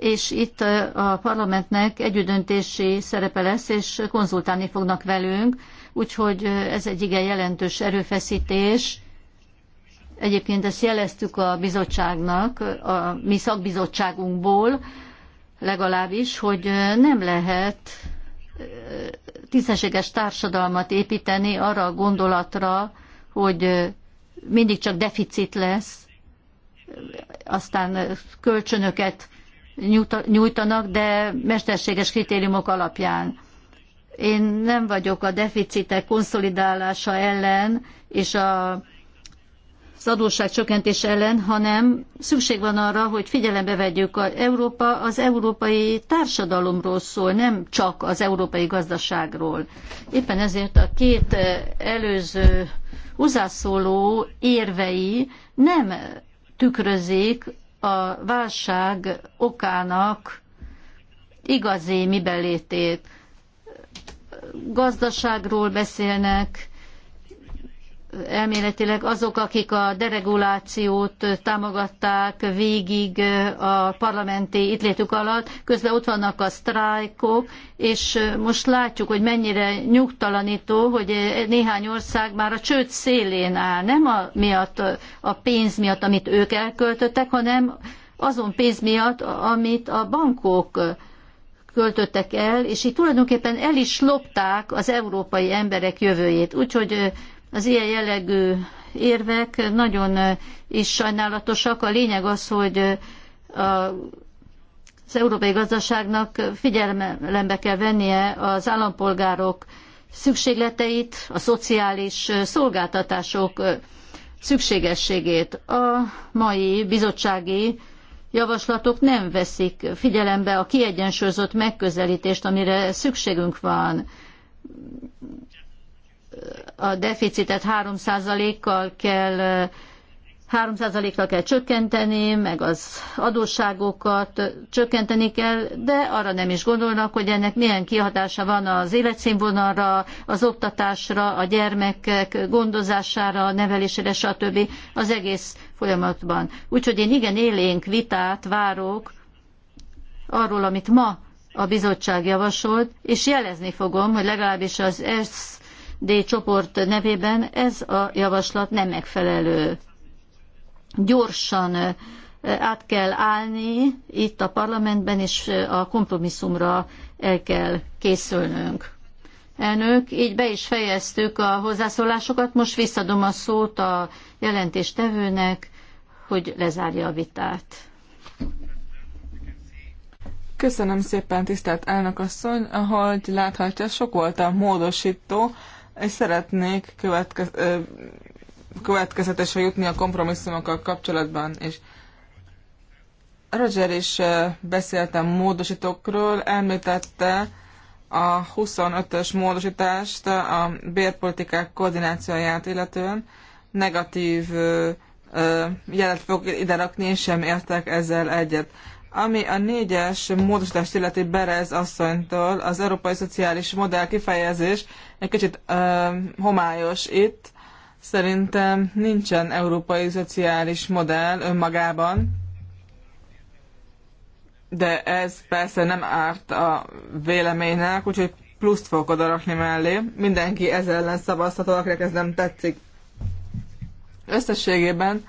és itt a parlamentnek együttdöntési szerepe lesz, és konzultálni fognak velünk, úgyhogy ez egy igen jelentős erőfeszítés. Egyébként ezt jeleztük a bizottságnak, a mi szakbizottságunkból legalábbis, hogy nem lehet tisztességes társadalmat építeni arra a gondolatra, hogy mindig csak deficit lesz, aztán kölcsönöket nyújtanak, de mesterséges kritériumok alapján. Én nem vagyok a deficitek konszolidálása ellen és a, az adósság csökkentés ellen, hanem szükség van arra, hogy figyelembe vegyük, az Európa az európai társadalomról szól, nem csak az európai gazdaságról. Éppen ezért a két eh, előző uzászóló érvei nem tükrözik a válság okának igazi mibelétét. Gazdaságról beszélnek, elméletileg azok, akik a deregulációt támogatták végig a parlamenti ittlétük alatt, közben ott vannak a sztrájkok, és most látjuk, hogy mennyire nyugtalanító, hogy néhány ország már a csőd szélén áll, nem a, miatt, a pénz miatt, amit ők elköltöttek, hanem azon pénz miatt, amit a bankok költöttek el, és itt tulajdonképpen el is lopták az európai emberek jövőjét. Úgyhogy az ilyen jellegű érvek nagyon is sajnálatosak. A lényeg az, hogy a az európai gazdaságnak figyelembe kell vennie az állampolgárok szükségleteit, a szociális szolgáltatások szükségességét. A mai bizottsági javaslatok nem veszik figyelembe a kiegyensúlyozott megközelítést, amire szükségünk van a deficitet 3%-kal kell 3%-kal kell csökkenteni, meg az adósságokat csökkenteni kell, de arra nem is gondolnak, hogy ennek milyen kihatása van az életszínvonalra, az oktatásra, a gyermekek gondozására, a nevelésére, stb. az egész folyamatban. Úgyhogy én igen élénk vitát várok arról, amit ma a bizottság javasolt, és jelezni fogom, hogy legalábbis az ESZ D csoport nevében ez a javaslat nem megfelelő. Gyorsan eh, át kell állni itt a parlamentben, és eh, a kompromisszumra el kell készülnünk. Elnök, így be is fejeztük a hozzászólásokat, most visszadom a szót a jelentéstevőnek, hogy lezárja a vitát. Köszönöm szépen, tisztelt elnök asszony, ahogy láthatja, sok volt a módosító, és szeretnék következ, következetesre jutni a kompromisszumokkal kapcsolatban, és Roger is beszéltem módosítókról, említette a 25-ös módosítást a bérpolitikák koordinációját illetően negatív jelet fog ide rakni, és sem értek ezzel egyet. Ami a négyes módosítást illeti Berez asszonytól, az európai szociális modell kifejezés egy kicsit ö, homályos itt. Szerintem nincsen európai szociális modell önmagában, de ez persze nem árt a véleménynek, úgyhogy pluszt fogok odarakni mellé. Mindenki ez ellen szavazhat, akinek ez nem tetszik. Összességében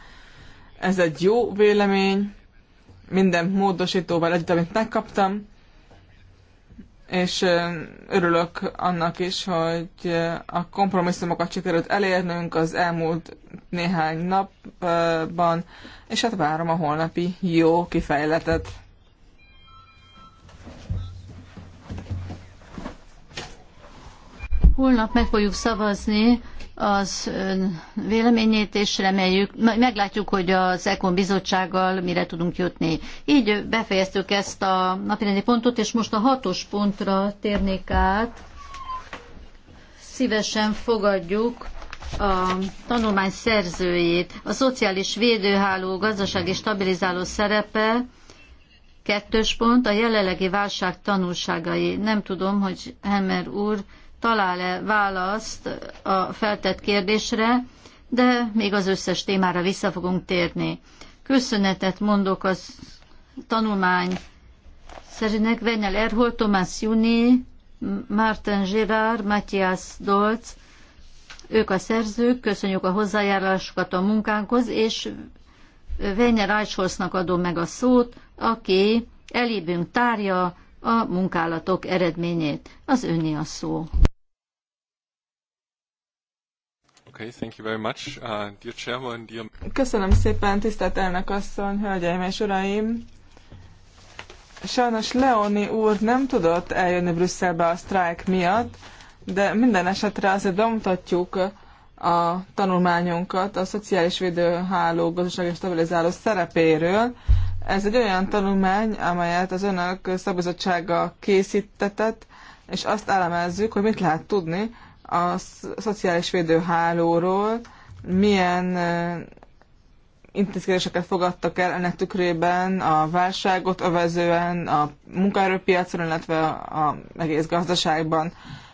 ez egy jó vélemény, minden módosítóval együtt, amit megkaptam, és örülök annak is, hogy a kompromisszumokat sikerült elérnünk az elmúlt néhány napban, és hát várom a holnapi jó kifejletet. Holnap meg fogjuk szavazni az ön véleményét, és reméljük, meglátjuk, hogy az EKON bizottsággal mire tudunk jutni. Így befejeztük ezt a napirendi pontot, és most a hatos pontra térnék át. Szívesen fogadjuk a tanulmány szerzőjét. A szociális védőháló gazdasági stabilizáló szerepe Kettős pont, a jelenlegi válság tanulságai. Nem tudom, hogy Hemmer úr talál-e választ a feltett kérdésre, de még az összes témára vissza fogunk térni. Köszönetet mondok az tanulmány szerzőnek Vennel Erhol, Tomás Juni, Martin Girard, Matthias Dolc, ők a szerzők, köszönjük a hozzájárulásukat a munkánkhoz, és Werner Eichholznak adom meg a szót, aki elébünk tárja a munkálatok eredményét. Az önni a szó. Okay, thank you very much. Uh, dear chairman, dear... Köszönöm szépen, tisztelt elnök asszony, hölgyeim és uraim! Sajnos Leoni úr nem tudott eljönni Brüsszelbe a sztrájk miatt, de minden esetre azért bemutatjuk a tanulmányunkat a Szociális Védőháló Gazdasági Stabilizáló szerepéről. Ez egy olyan tanulmány, amelyet az önök szabizottsága készítetett, és azt elemezzük, hogy mit lehet tudni a szociális védőhálóról, milyen intézkedéseket fogadtak el ennek tükrében a válságot övezően, a munkaerőpiacon, illetve a egész gazdaságban.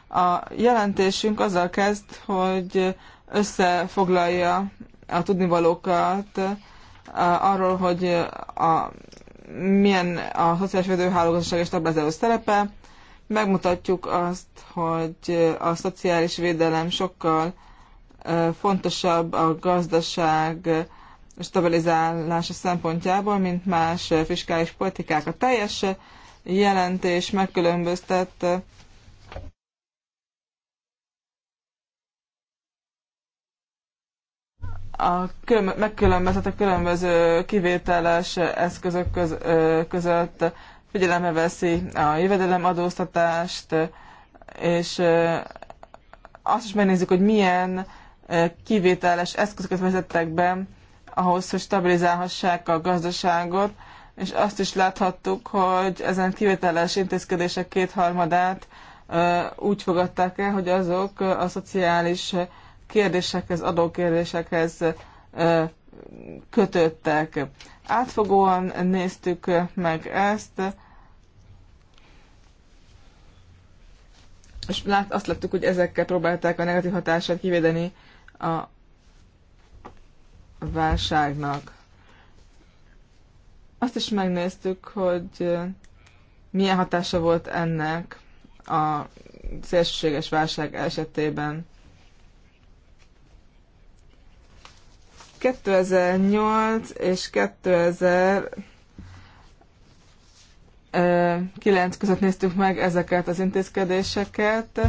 A jelentésünk azzal kezd, hogy összefoglalja a tudnivalókat arról, hogy a, milyen a szociális védőhálózatosság és stabilizáció szerepe, megmutatjuk azt, hogy a szociális védelem sokkal fontosabb a gazdaság stabilizálása szempontjából, mint más fiskális politikák. A teljes jelentés megkülönböztet a külön, megkülönböztet a különböző kivételes eszközök köz, között figyelembe veszi a jövedelemadóztatást, és azt is megnézzük, hogy milyen kivételes eszközöket vezettek be ahhoz, hogy stabilizálhassák a gazdaságot, és azt is láthattuk, hogy ezen kivételes intézkedések kétharmadát úgy fogadták el, hogy azok a szociális kérdésekhez, adókérdésekhez kötöttek. Átfogóan néztük meg ezt, és lát, azt láttuk, hogy ezekkel próbálták a negatív hatását kivédeni a válságnak. Azt is megnéztük, hogy milyen hatása volt ennek a szélsőséges válság esetében. 2008 és 2000 kilenc között néztük meg ezeket az intézkedéseket.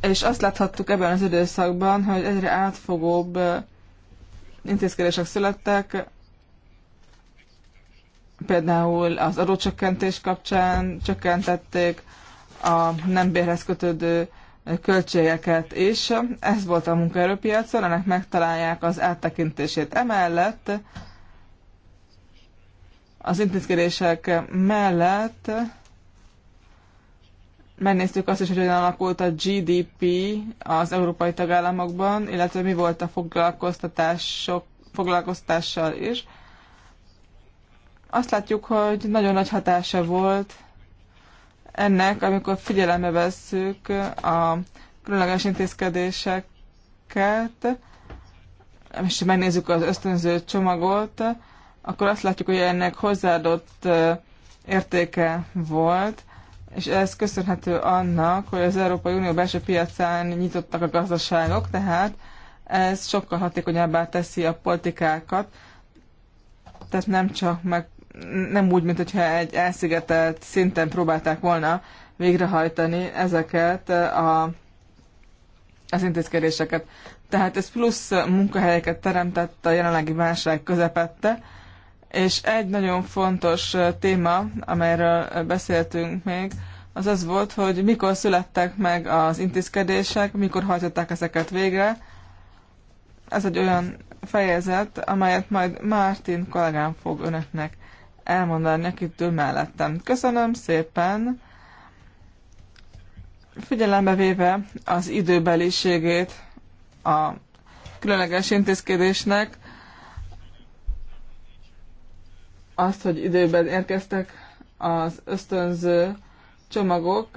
És azt láthattuk ebben az időszakban, hogy egyre átfogóbb intézkedések születtek, például az adócsökkentés kapcsán csökkentették a nem bérhez kötődő költségeket is. Ez volt a munkaerőpiacon, ennek megtalálják az áttekintését. Emellett az intézkedések mellett megnéztük azt is, hogy hogyan alakult a GDP az európai tagállamokban, illetve mi volt a foglalkoztatások, foglalkoztással is. Azt látjuk, hogy nagyon nagy hatása volt ennek, amikor figyelembe vesszük a különleges intézkedéseket, és megnézzük az ösztönző csomagot, akkor azt látjuk, hogy ennek hozzáadott értéke volt, és ez köszönhető annak, hogy az Európai Unió belső piacán nyitottak a gazdaságok, tehát ez sokkal hatékonyabbá teszi a politikákat, tehát nem csak meg nem úgy, mint hogyha egy elszigetelt szinten próbálták volna végrehajtani ezeket a, az intézkedéseket. Tehát ez plusz munkahelyeket teremtett a jelenlegi válság közepette, és egy nagyon fontos téma, amelyről beszéltünk még, az az volt, hogy mikor születtek meg az intézkedések, mikor hajtották ezeket végre. Ez egy olyan fejezet, amelyet majd Martin kollégám fog önöknek elmondani, neki ül mellettem. Köszönöm szépen! Figyelembe véve az időbeliségét a különleges intézkedésnek, azt, hogy időben érkeztek az ösztönző csomagok,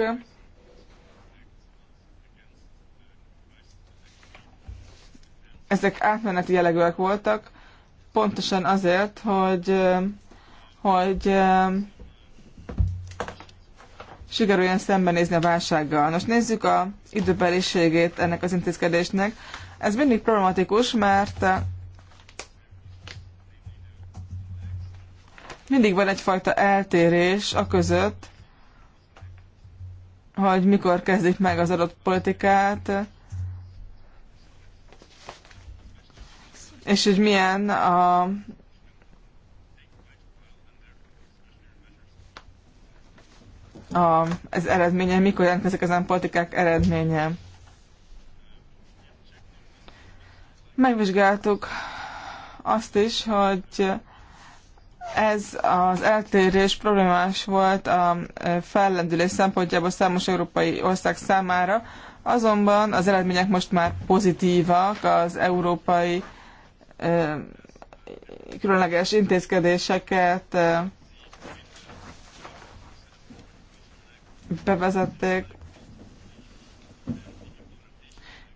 ezek átmeneti jellegűek voltak, pontosan azért, hogy hogy sikerüljön szembenézni a válsággal. Most nézzük a időbeliségét ennek az intézkedésnek. Ez mindig problematikus, mert mindig van egyfajta eltérés a között, hogy mikor kezdik meg az adott politikát, és hogy milyen a a, ez eredménye, mikor jelentkezik ezen politikák eredménye. Megvizsgáltuk azt is, hogy ez az eltérés problémás volt a e, fellendülés szempontjából számos európai ország számára, azonban az eredmények most már pozitívak, az európai e, különleges intézkedéseket e, bevezették,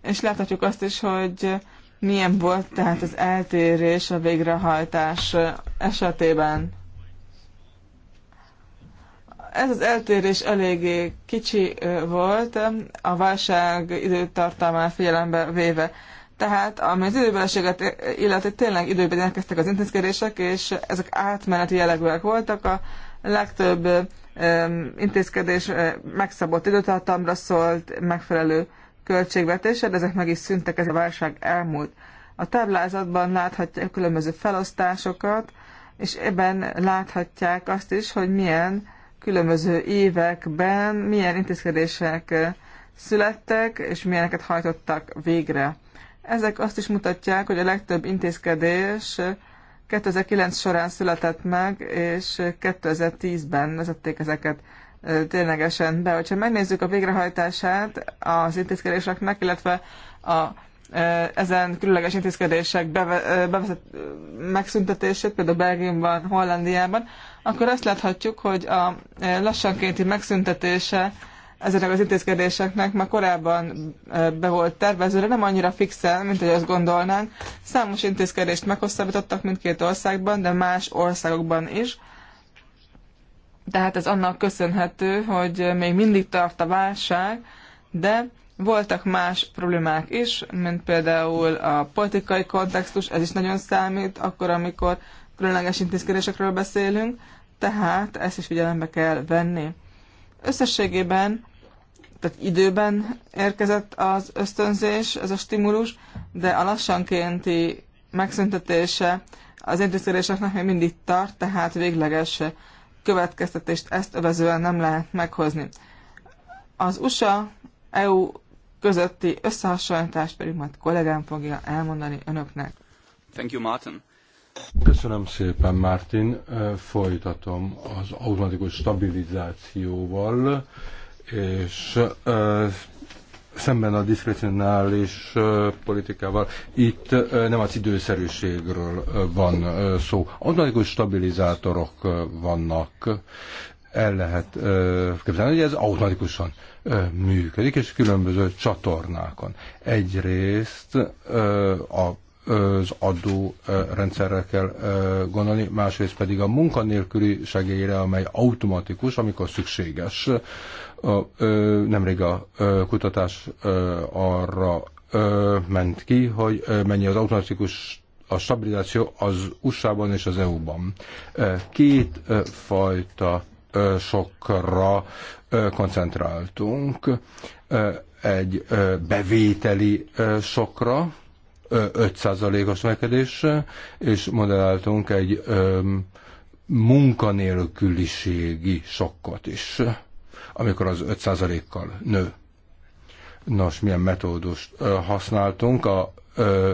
és láthatjuk azt is, hogy milyen volt tehát az eltérés a végrehajtás esetében. Ez az eltérés eléggé kicsi volt a válság időtartalmát figyelembe véve. Tehát, ami az időbeleséget illeti, tényleg időben elkezdtek az intézkedések, és ezek átmeneti jellegűek voltak. A legtöbb intézkedés megszabott időtartamra szólt megfelelő költségvetése, de ezek meg is szűntek, ez a válság elmúlt. A táblázatban láthatják különböző felosztásokat, és ebben láthatják azt is, hogy milyen különböző években milyen intézkedések születtek, és milyeneket hajtottak végre. Ezek azt is mutatják, hogy a legtöbb intézkedés 2009 során született meg, és 2010-ben vezették ezeket ténylegesen be. Ha megnézzük a végrehajtását az intézkedéseknek, illetve a ezen különleges intézkedések bevezet, megszüntetését, például Belgiumban, Hollandiában, akkor azt láthatjuk, hogy a lassankénti megszüntetése ezeknek az intézkedéseknek már korábban be volt tervezőre, nem annyira fixen, mint hogy azt gondolnánk. Számos intézkedést meghosszabbítottak mindkét országban, de más országokban is. Tehát ez annak köszönhető, hogy még mindig tart a válság, de voltak más problémák is, mint például a politikai kontextus, ez is nagyon számít, akkor, amikor különleges intézkedésekről beszélünk, tehát ezt is figyelembe kell venni. Összességében tehát időben érkezett az ösztönzés, ez a stimulus, de a lassankénti megszüntetése az intézkedéseknek még mindig tart, tehát végleges következtetést ezt övezően nem lehet meghozni. Az USA-EU közötti összehasonlítást pedig majd kollégám fogja elmondani önöknek. Thank you, Martin. Köszönöm szépen, Martin. Folytatom az automatikus stabilizációval és ö, szemben a diszkrecionális politikával itt nem az időszerűségről van szó. Automatikus stabilizátorok vannak, el lehet képzelni, hogy ez automatikusan működik, és különböző csatornákon. Egyrészt a az adó rendszerre kell gondolni, másrészt pedig a munkanélküli segélyre, amely automatikus, amikor szükséges a, ö, nemrég a ö, kutatás ö, arra ö, ment ki, hogy ö, mennyi az automatikus a stabilizáció az USA-ban és az EU-ban. Két fajta sokra koncentráltunk. Egy bevételi sokra, 5%-os növekedés, és modelláltunk egy munkanélküliségi sokkot is amikor az 5%-kal nő. Nos, milyen metódust használtunk? A ö,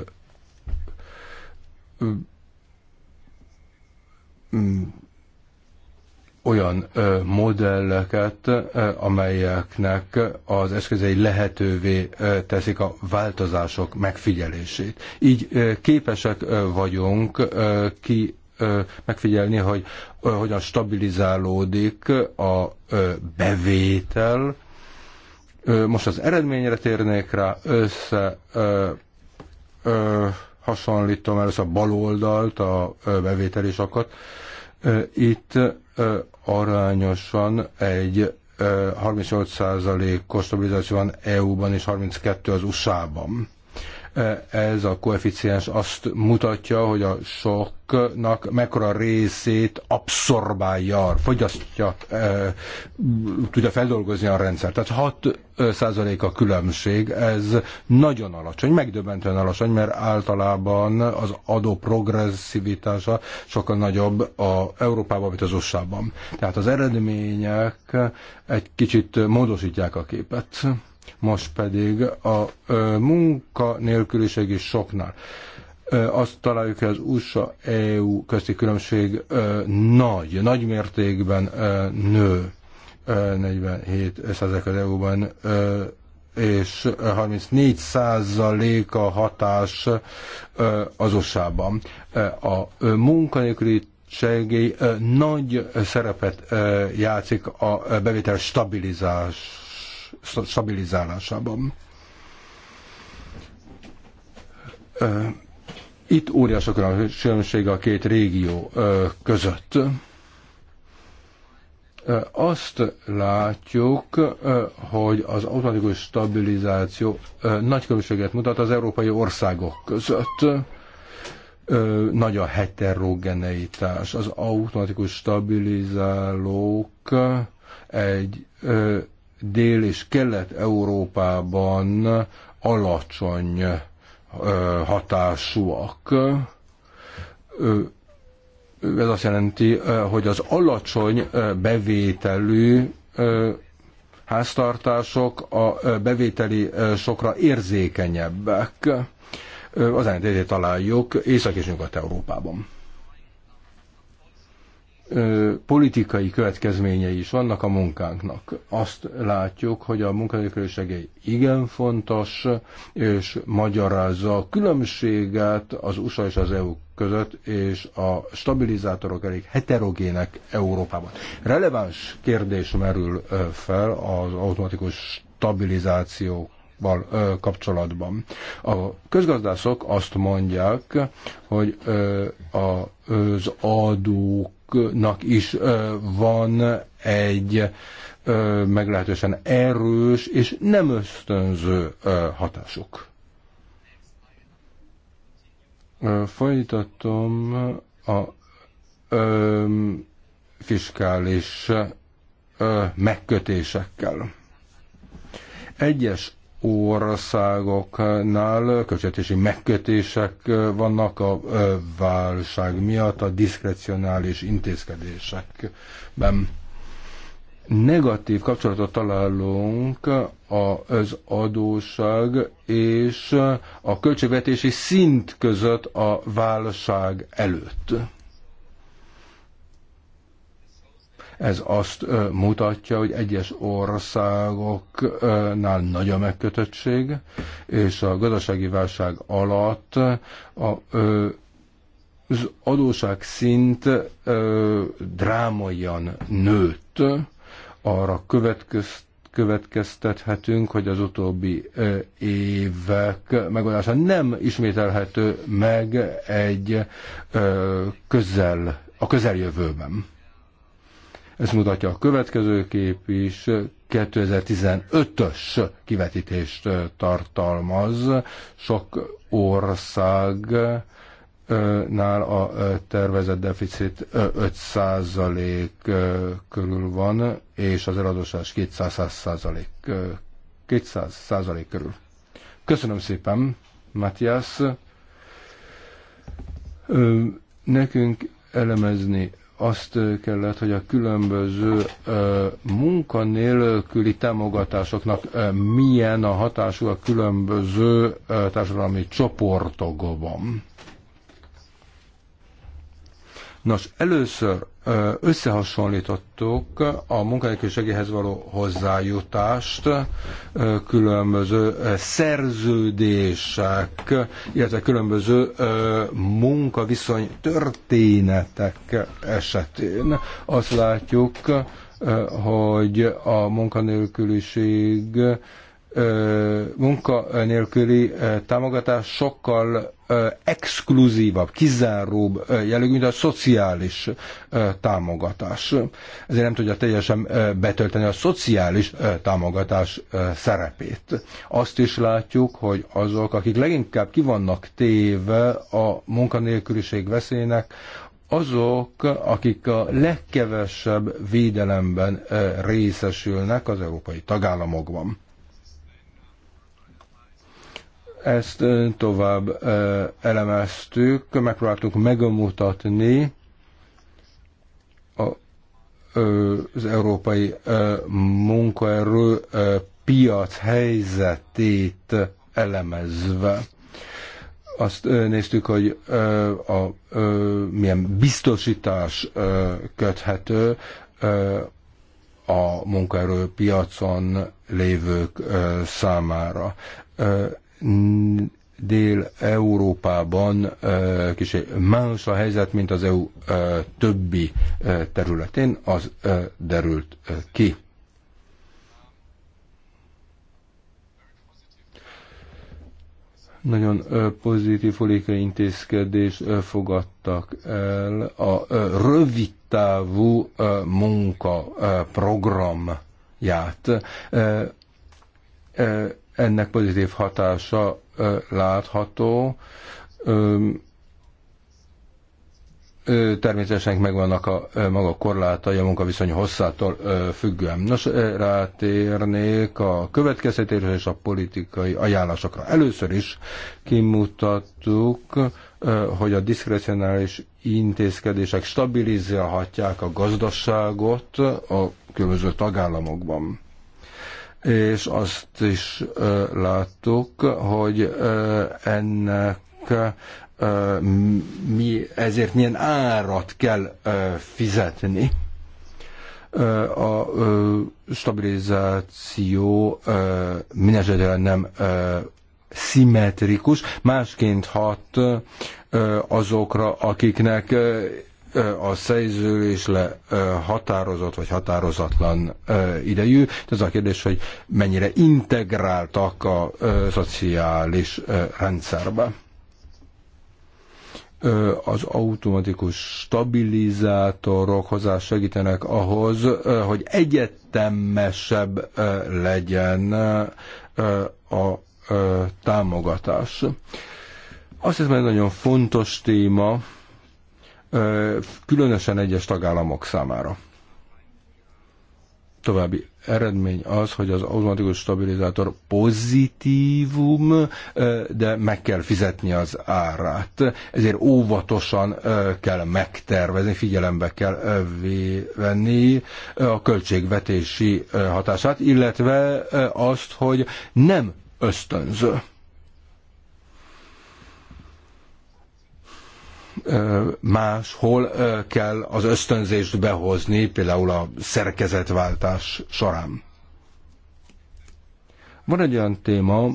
ö, olyan ö, modelleket, ö, amelyeknek az eszközei lehetővé ö, teszik a változások megfigyelését. Így ö, képesek ö, vagyunk ö, ki megfigyelni, hogy hogyan stabilizálódik a bevétel. Most az eredményre térnék rá, össze hasonlítom először a bal oldalt a bevételi sakat. Itt arányosan egy 38%-os stabilizáció van EU-ban és 32 az USA-ban. Ez a koeficiens azt mutatja, hogy a soknak mekkora részét abszorbálja, fogyasztja, tudja feldolgozni a rendszer. Tehát 6 a különbség, ez nagyon alacsony, megdöbbentően alacsony, mert általában az adó progresszivitása sokkal nagyobb a Európában, mint az usa -ban. Tehát az eredmények egy kicsit módosítják a képet. Most pedig a munkanélküliség is soknál. Azt találjuk, hogy az USA-EU közti különbség nagy, nagy mértékben nő. 47 százalék az EU-ban, és 34 százalék a hatás az USA-ban. A munkanélküli nagy szerepet játszik a bevétel stabilizás stabilizálásában. Itt óriásokra a különbség a két régió között. Azt látjuk, hogy az automatikus stabilizáció nagy különbséget mutat az európai országok között nagy a heterogeneitás. Az automatikus stabilizálók egy Dél- és Kelet-Európában alacsony hatásúak. Ez azt jelenti, hogy az alacsony bevételű háztartások a bevételi sokra érzékenyebbek. Az ellentétét találjuk Észak- és Nyugat-Európában ö, politikai következményei is vannak a munkánknak. Azt látjuk, hogy a munkanélküli segély igen fontos, és magyarázza a különbséget az USA és az EU között, és a stabilizátorok elég heterogének Európában. Releváns kérdés merül fel az automatikus stabilizáció kapcsolatban. A közgazdászok azt mondják, hogy az adók nak is van egy meglehetősen erős és nem ösztönző hatásuk. Folytatom a fiskális megkötésekkel. Egyes országoknál költségvetési megkötések vannak a válság miatt a diszkrecionális intézkedésekben. Negatív kapcsolatot találunk az adóság és a költségvetési szint között a válság előtt Ez azt mutatja, hogy egyes országoknál nagy a megkötöttség, és a gazdasági válság alatt a az adóság szint ö, drámaian nőtt, arra következt, következtethetünk, hogy az utóbbi ö, évek megoldása nem ismételhető meg egy ö, közel, a közeljövőben. Ezt mutatja a következő kép is, 2015-ös kivetítést tartalmaz. Sok országnál a tervezett deficit 5% körül van, és az eladósás 200%, 200% körül. Köszönöm szépen, Matthias. Nekünk elemezni azt kellett, hogy a különböző munkanélküli támogatásoknak milyen a hatású a különböző társadalmi csoportokban. Nos, először összehasonlítottuk a munkanélküliségéhez való hozzájutást különböző szerződések, illetve különböző munkaviszony történetek esetén. Azt látjuk, hogy a munkanélküliség munkanélküli támogatás sokkal exkluzívabb, kizáróbb jellegű, mint a szociális támogatás. Ezért nem tudja teljesen betölteni a szociális támogatás szerepét. Azt is látjuk, hogy azok, akik leginkább kivannak téve a munkanélküliség veszélynek, azok, akik a legkevesebb védelemben részesülnek az európai tagállamokban. Ezt tovább elemeztük, megpróbáltuk megmutatni az európai munkaerő piac helyzetét elemezve azt néztük, hogy a, a, milyen biztosítás köthető a munkaerőpiacon lévők számára. Dél-Európában kis más a helyzet, mint az EU többi területén, az derült ki. nagyon pozitív politikai intézkedést fogadtak el a távú munkaprogramját ennek pozitív hatása látható. Természetesen megvannak a maga korlátai a munkaviszony hosszától függően. Nos, rátérnék a következtetésre és a politikai ajánlásokra. Először is kimutattuk, hogy a diszkrecionális intézkedések stabilizálhatják a gazdaságot a különböző tagállamokban és azt is láttuk, hogy ennek mi, ezért milyen árat kell fizetni. A stabilizáció mindesetre nem szimmetrikus, másként hat azokra, akiknek a szerződés le határozott vagy határozatlan idejű. Ez a kérdés, hogy mennyire integráltak a szociális rendszerbe. Az automatikus stabilizátorok hozzá segítenek ahhoz, hogy egyetemesebb legyen a támogatás. Azt hiszem, hogy nagyon fontos téma, különösen egyes tagállamok számára. További eredmény az, hogy az automatikus stabilizátor pozitívum, de meg kell fizetni az árát. Ezért óvatosan kell megtervezni, figyelembe kell venni a költségvetési hatását, illetve azt, hogy nem ösztönző. máshol kell az ösztönzést behozni, például a szerkezetváltás során. Van egy olyan téma,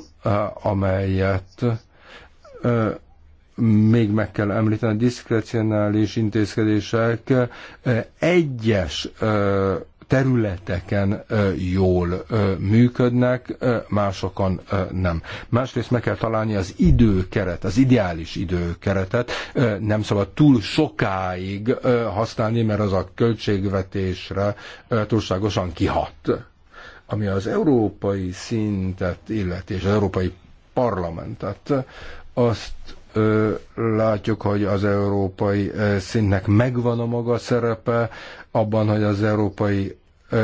amelyet még meg kell említeni, a diszkrecionális intézkedések egyes területeken jól működnek, másokon nem. Másrészt meg kell találni az időkeret, az ideális időkeretet. Nem szabad túl sokáig használni, mert az a költségvetésre túlságosan kihat. Ami az európai szintet illeti, és az európai parlamentet, azt ö, látjuk, hogy az európai szintnek megvan a maga szerepe abban, hogy az európai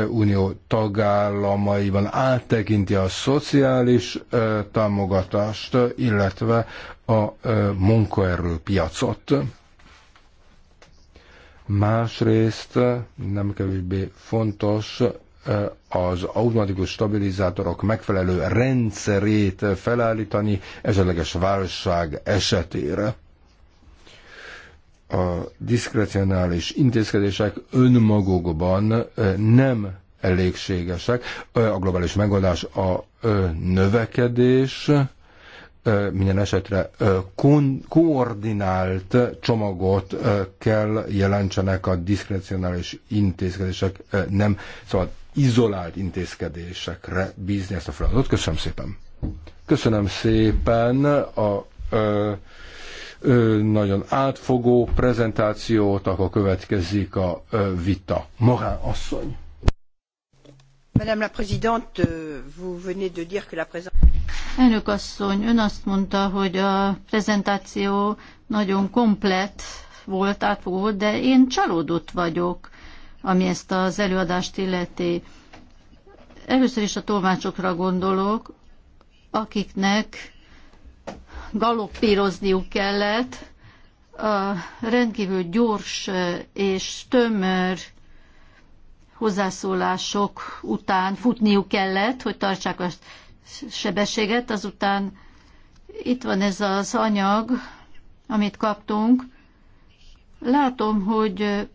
Unió tagállamaiban áttekinti a szociális támogatást, illetve a munkaerőpiacot. Másrészt nem kevésbé fontos az automatikus stabilizátorok megfelelő rendszerét felállítani esetleges válság esetére a diszkrecionális intézkedések önmagukban nem elégségesek. A globális megoldás a növekedés, minden esetre koordinált csomagot kell jelentsenek a diszkrecionális intézkedések, nem szóval izolált intézkedésekre bízni ezt a feladatot. Köszönöm szépen. Köszönöm szépen a nagyon átfogó prezentációt, akkor következik a vita. Morán asszony. Madame la Présidente, vous venez de dire que la Elnök asszony, ön azt mondta, hogy a prezentáció nagyon komplett volt, átfogó volt, de én csalódott vagyok, ami ezt az előadást illeti. Először is a tolmácsokra gondolok, akiknek galoppírozniuk kellett. A rendkívül gyors és tömör hozzászólások után futniuk kellett, hogy tartsák a sebességet, azután itt van ez az anyag, amit kaptunk. Látom, hogy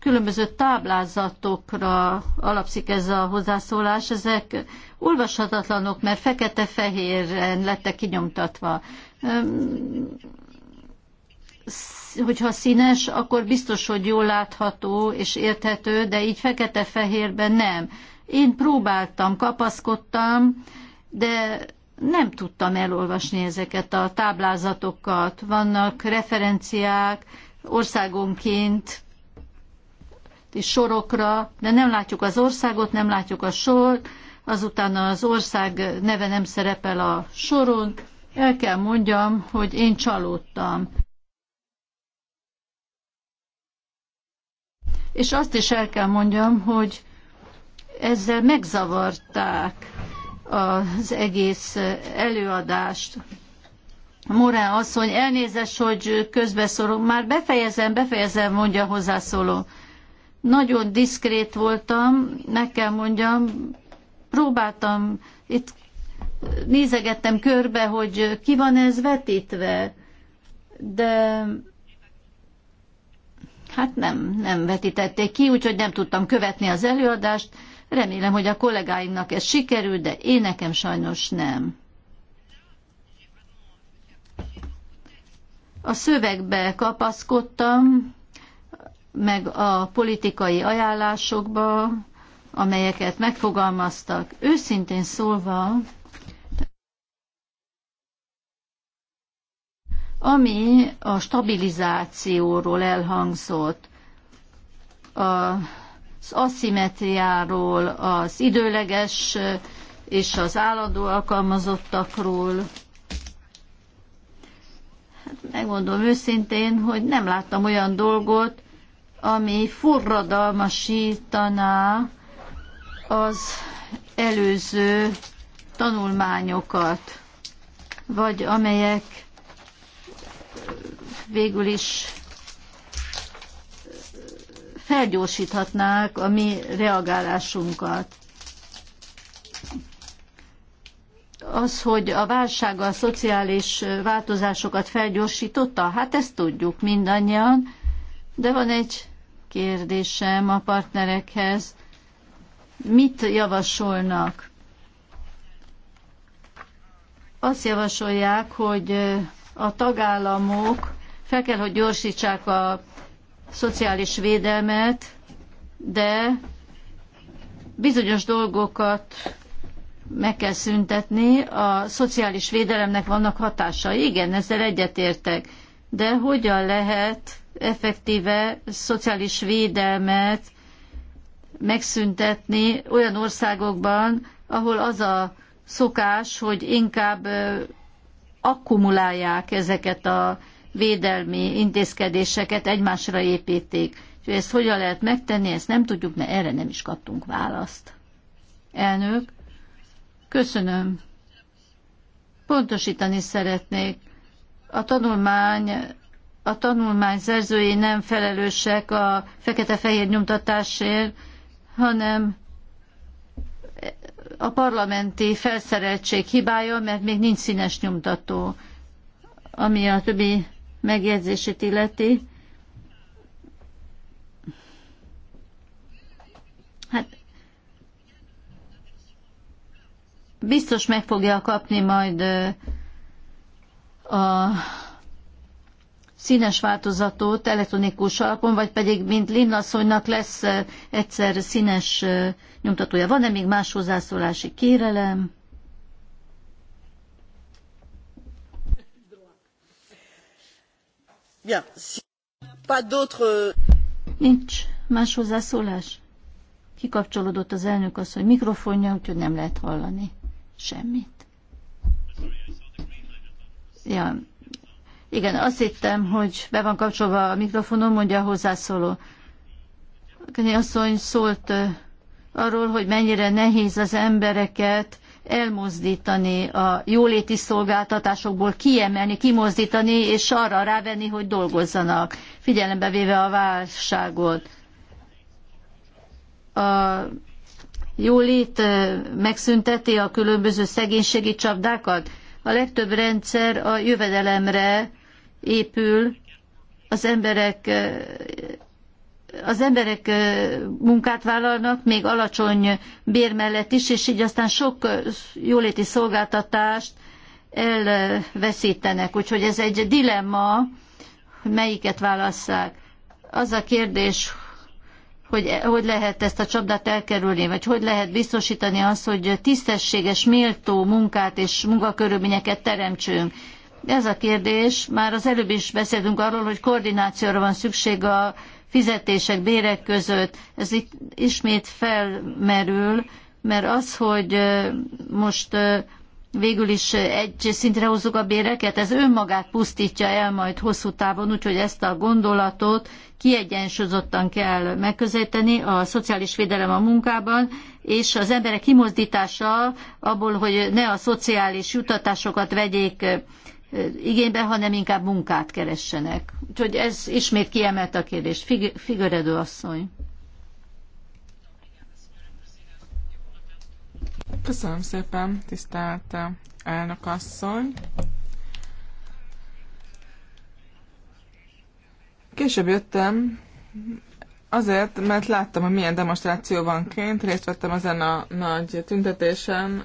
különböző táblázatokra alapszik ez a hozzászólás. Ezek olvashatatlanok, mert fekete-fehéren lettek kinyomtatva. Hogyha színes, akkor biztos, hogy jól látható és érthető, de így fekete-fehérben nem. Én próbáltam, kapaszkodtam, de nem tudtam elolvasni ezeket a táblázatokat. Vannak referenciák országonként és sorokra, de nem látjuk az országot, nem látjuk a sort, azután az ország neve nem szerepel a soron. El kell mondjam, hogy én csalódtam. És azt is el kell mondjam, hogy ezzel megzavarták az egész előadást. Morán asszony, elnézést, hogy közbeszorom. már befejezem, befejezem, mondja hozzászóló. Nagyon diszkrét voltam, meg kell mondjam, próbáltam, itt nézegettem körbe, hogy ki van ez vetítve, de hát nem, nem vetítették ki, úgyhogy nem tudtam követni az előadást. Remélem, hogy a kollégáimnak ez sikerül, de én nekem sajnos nem. A szövegbe kapaszkodtam, meg a politikai ajánlásokba, amelyeket megfogalmaztak. Őszintén szólva, ami a stabilizációról elhangzott, az aszimetriáról, az időleges és az állandó alkalmazottakról, hát megmondom őszintén, hogy nem láttam olyan dolgot, ami forradalmasítaná az előző tanulmányokat, vagy amelyek végül is felgyorsíthatnák a mi reagálásunkat. Az, hogy a válság a szociális változásokat felgyorsította, hát ezt tudjuk mindannyian, de van egy kérdésem a partnerekhez mit javasolnak? Azt javasolják, hogy a tagállamok fel kell, hogy gyorsítsák a szociális védelmet, de bizonyos dolgokat meg kell szüntetni, a szociális védelemnek vannak hatásai. Igen, ezzel egyetértek. De hogyan lehet effektíve szociális védelmet megszüntetni olyan országokban, ahol az a szokás, hogy inkább akkumulálják ezeket a védelmi intézkedéseket, egymásra építik. Úgyhogy ezt hogyan lehet megtenni, ezt nem tudjuk, mert erre nem is kaptunk választ. Elnök, köszönöm. Pontosítani szeretnék. A tanulmány a tanulmány szerzői nem felelősek a fekete-fehér nyomtatásért, hanem a parlamenti felszereltség hibája, mert még nincs színes nyomtató, ami a többi megjegyzését illeti. Hát biztos meg fogja kapni majd a színes változatot elektronikus alapon, vagy pedig, mint Linnasszonynak lesz eh, egyszer színes eh, nyomtatója. Van-e még más hozzászólási kérelem? Bien. Pas Nincs más hozzászólás? Kikapcsolódott az elnök az, hogy mikrofonja, úgyhogy nem lehet hallani semmit. Ja, igen, azt hittem, hogy be van kapcsolva a mikrofonom, mondja a hozzászóló. Kenny asszony szólt arról, hogy mennyire nehéz az embereket elmozdítani a jóléti szolgáltatásokból, kiemelni, kimozdítani, és arra rávenni, hogy dolgozzanak, figyelembe véve a válságot. A jólét megszünteti a különböző szegénységi csapdákat, a legtöbb rendszer a jövedelemre épül, az emberek az emberek munkát vállalnak, még alacsony bér mellett is, és így aztán sok jóléti szolgáltatást elveszítenek. Úgyhogy ez egy dilemma, melyiket válasszák. Az a kérdés, hogy hogy lehet ezt a csapdát elkerülni, vagy hogy lehet biztosítani azt, hogy tisztességes, méltó munkát és munkakörülményeket teremtsünk. Ez a kérdés, már az előbb is beszéltünk arról, hogy koordinációra van szükség a fizetések, bérek között. Ez itt ismét felmerül, mert az, hogy most végül is egy szintre hozzuk a béreket, ez önmagát pusztítja el majd hosszú távon, úgyhogy ezt a gondolatot kiegyensúlyozottan kell megközelíteni a szociális védelem a munkában, és az emberek kimozdítása abból, hogy ne a szociális juttatásokat vegyék igénybe, hanem inkább munkát keressenek. Úgyhogy ez ismét kiemelt a kérdést. Fig- Figöredő asszony. Köszönöm szépen, tisztelt eh, elnök asszony. Később jöttem, azért, mert láttam, hogy milyen demonstráció van kint, részt vettem ezen a nagy tüntetésen,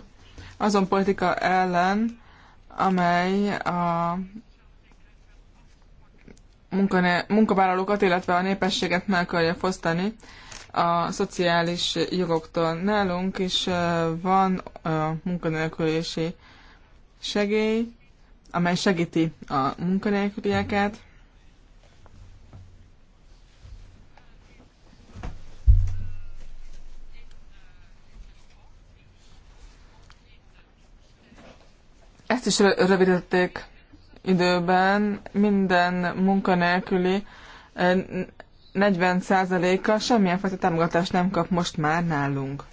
azon politika ellen, amely a munkavállalókat, illetve a népességet meg akarja fosztani a szociális jogoktól. Nálunk is van a munkanélkülési segély, amely segíti a munkanélkülieket. Ezt is rövidítették időben. Minden munkanélküli 40%-a semmilyen fajta támogatást nem kap most már nálunk.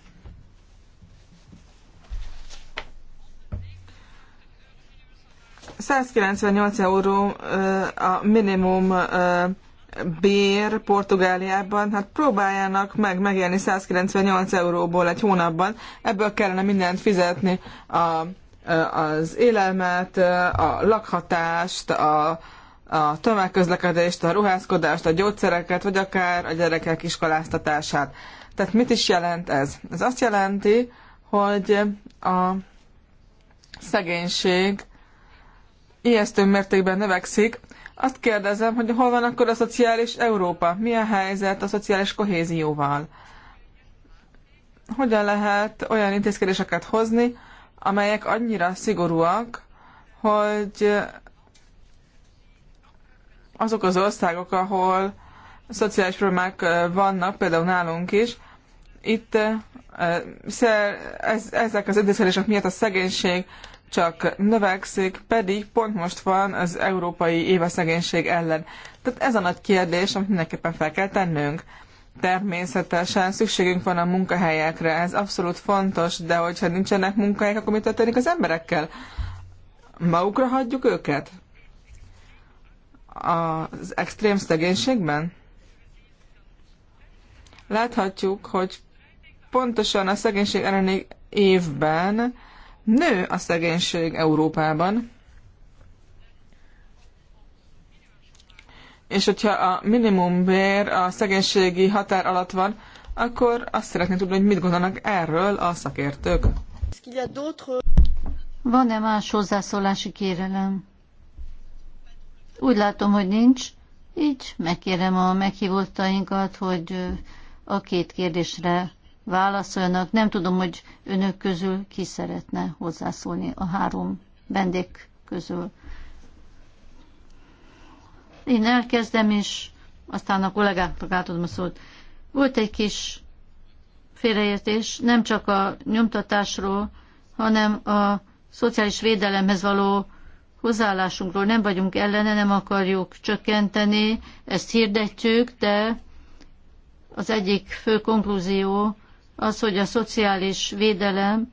...198 euró a minimum bér Portugáliában, hát próbáljanak meg megélni 198 euróból egy hónapban, ebből kellene mindent fizetni, a, az élelmet, a lakhatást, a, a tömegközlekedést, a ruházkodást, a gyógyszereket, vagy akár a gyerekek iskoláztatását. Tehát mit is jelent ez? Ez azt jelenti, hogy a szegénység ijesztő mértékben növekszik. Azt kérdezem, hogy hol van akkor a szociális Európa? Milyen helyzet a szociális kohézióval? Hogyan lehet olyan intézkedéseket hozni, amelyek annyira szigorúak, hogy azok az országok, ahol szociális problémák vannak, például nálunk is, itt ezek az időszerések miatt a szegénység csak növekszik, pedig pont most van az európai éve szegénység ellen. Tehát ez a nagy kérdés, amit mindenképpen fel kell tennünk. Természetesen szükségünk van a munkahelyekre, ez abszolút fontos, de hogyha nincsenek munkahelyek, akkor mi történik az emberekkel? Magukra hagyjuk őket? az extrém szegénységben? Láthatjuk, hogy pontosan a szegénység elleni évben nő a szegénység Európában. És hogyha a minimumbér a szegénységi határ alatt van, akkor azt szeretném tudni, hogy mit gondolnak erről a szakértők. Van-e más hozzászólási kérelem? Úgy látom, hogy nincs, így megkérem a meghívottainkat, hogy a két kérdésre válaszoljanak. Nem tudom, hogy önök közül ki szeretne hozzászólni a három vendég közül. Én elkezdem, és aztán a kollégáknak átadom a szót. Volt egy kis félreértés, nem csak a nyomtatásról, hanem a szociális védelemhez való hozzáállásunkról. Nem vagyunk ellene, nem akarjuk csökkenteni, ezt hirdetjük, de az egyik fő konklúzió az, hogy a szociális védelem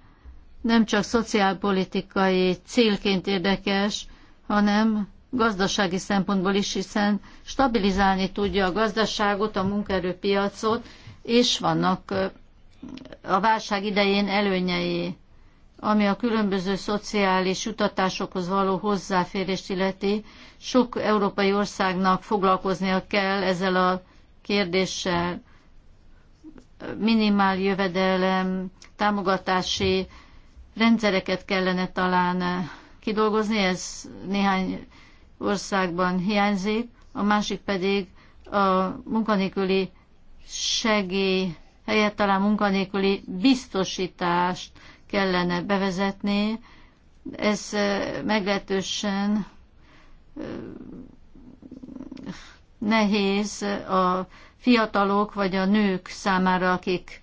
nem csak szociálpolitikai célként érdekes, hanem gazdasági szempontból is, hiszen stabilizálni tudja a gazdaságot, a munkaerőpiacot, és vannak a válság idején előnyei ami a különböző szociális utatásokhoz való hozzáférést illeti, sok európai országnak foglalkoznia kell ezzel a kérdéssel. Minimál jövedelem, támogatási rendszereket kellene talán kidolgozni, ez néhány országban hiányzik, a másik pedig a munkanélküli segély helyett talán munkanélküli biztosítást kellene bevezetni. Ez meglehetősen nehéz a fiatalok vagy a nők számára, akik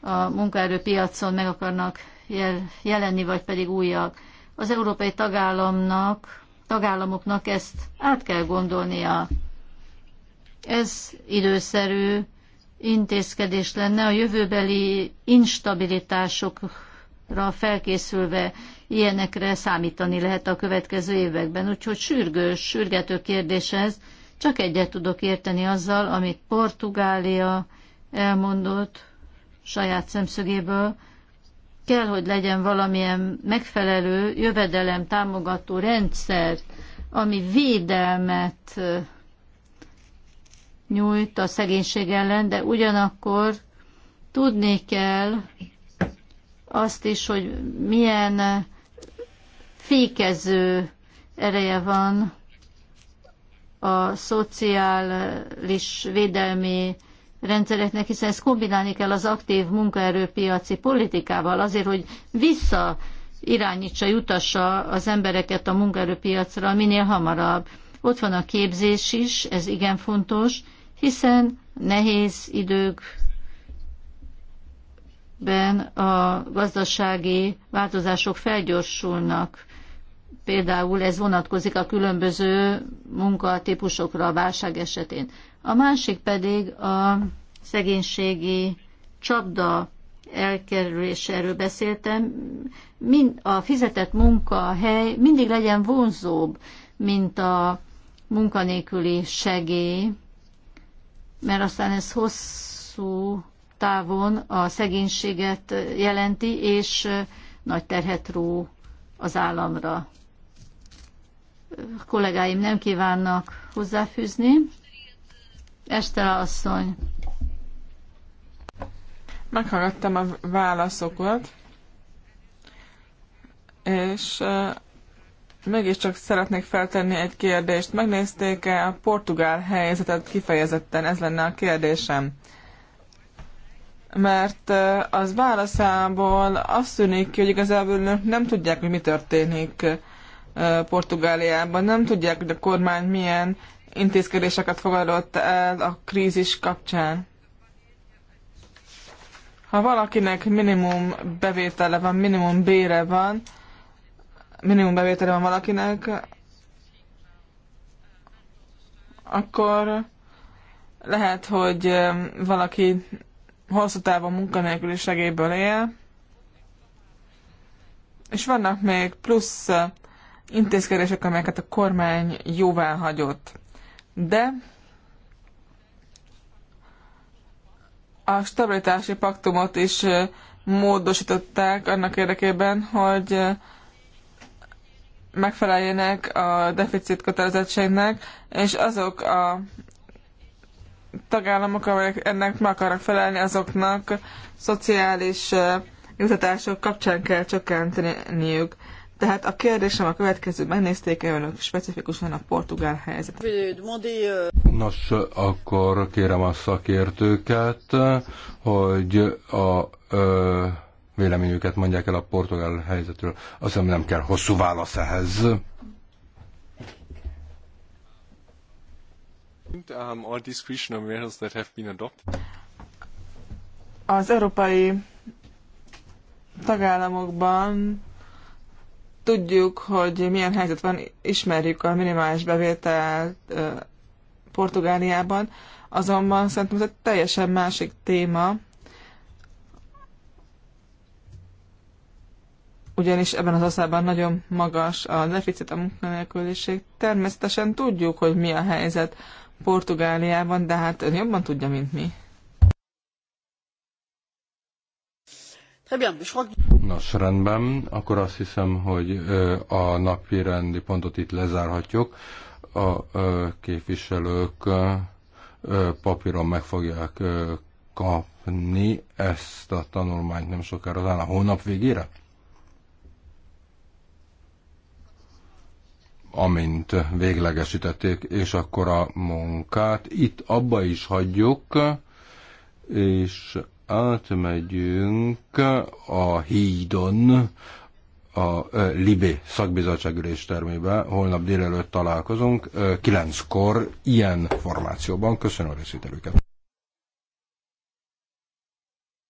a munkaerőpiacon meg akarnak jel- jelenni, vagy pedig újak. Az európai tagállamnak, tagállamoknak ezt át kell gondolnia. Ez időszerű intézkedés lenne a jövőbeli instabilitások ra felkészülve ilyenekre számítani lehet a következő években. Úgyhogy sürgős, sürgető kérdés ez. Csak egyet tudok érteni azzal, amit Portugália elmondott saját szemszögéből. Kell, hogy legyen valamilyen megfelelő jövedelem támogató rendszer, ami védelmet nyújt a szegénység ellen, de ugyanakkor tudni kell, azt is, hogy milyen fékező ereje van a szociális védelmi rendszereknek, hiszen ezt kombinálni kell az aktív munkaerőpiaci politikával azért, hogy vissza irányítsa, jutassa az embereket a munkaerőpiacra minél hamarabb. Ott van a képzés is, ez igen fontos, hiszen nehéz idők ben a gazdasági változások felgyorsulnak. Például ez vonatkozik a különböző munkatípusokra a válság esetén. A másik pedig a szegénységi csapda elkerülése, erről beszéltem. Mind, a fizetett munkahely mindig legyen vonzóbb, mint a munkanélküli segély, mert aztán ez hosszú távon a szegénységet jelenti, és nagy terhet ró az államra. A kollégáim nem kívánnak hozzáfűzni. Este asszony. Meghallgattam a válaszokat, és mégiscsak szeretnék feltenni egy kérdést. Megnézték-e a portugál helyzetet kifejezetten? Ez lenne a kérdésem mert az válaszából azt tűnik ki, hogy igazából nem tudják, hogy mi történik Portugáliában, nem tudják, hogy a kormány milyen intézkedéseket fogadott el a krízis kapcsán. Ha valakinek minimum bevétele van, minimum bére van, minimum bevétele van valakinek, akkor lehet, hogy valaki hosszú távon munkanélküli segélyből él, és vannak még plusz intézkedések, amelyeket a kormány jóvá hagyott. De a stabilitási paktumot is módosították annak érdekében, hogy megfeleljenek a deficit kötelezettségnek, és azok a tagállamok, amelyek ennek meg akarnak felelni, azoknak szociális jutatások kapcsán kell csökkenteniük. Tehát a kérdésem a következő, megnézték-e önök specifikusan a portugál helyzetet? Nos, akkor kérem a szakértőket, hogy a ö, véleményüket mondják el a portugál helyzetről. Azt hiszem nem kell hosszú válasz ehhez. Um, all measures that have been adopted. Az európai tagállamokban tudjuk, hogy milyen helyzet van, ismerjük a minimális bevételt Portugáliában, azonban szerintem ez egy teljesen másik téma, ugyanis ebben az országban nagyon magas a deficit, a munkanélküliség. Természetesen tudjuk, hogy mi a helyzet Portugáliában, de hát ön jobban tudja, mint mi. Nos, rendben, akkor azt hiszem, hogy a napi rendi pontot itt lezárhatjuk. A képviselők papíron meg fogják kapni ezt a tanulmányt nem sokára, talán a hónap végére? amint véglegesítették, és akkor a munkát itt abba is hagyjuk, és átmegyünk a hídon, a Libé szakbizottságülés termébe. Holnap délelőtt találkozunk, kilenckor ilyen formációban. Köszönöm a részvételüket.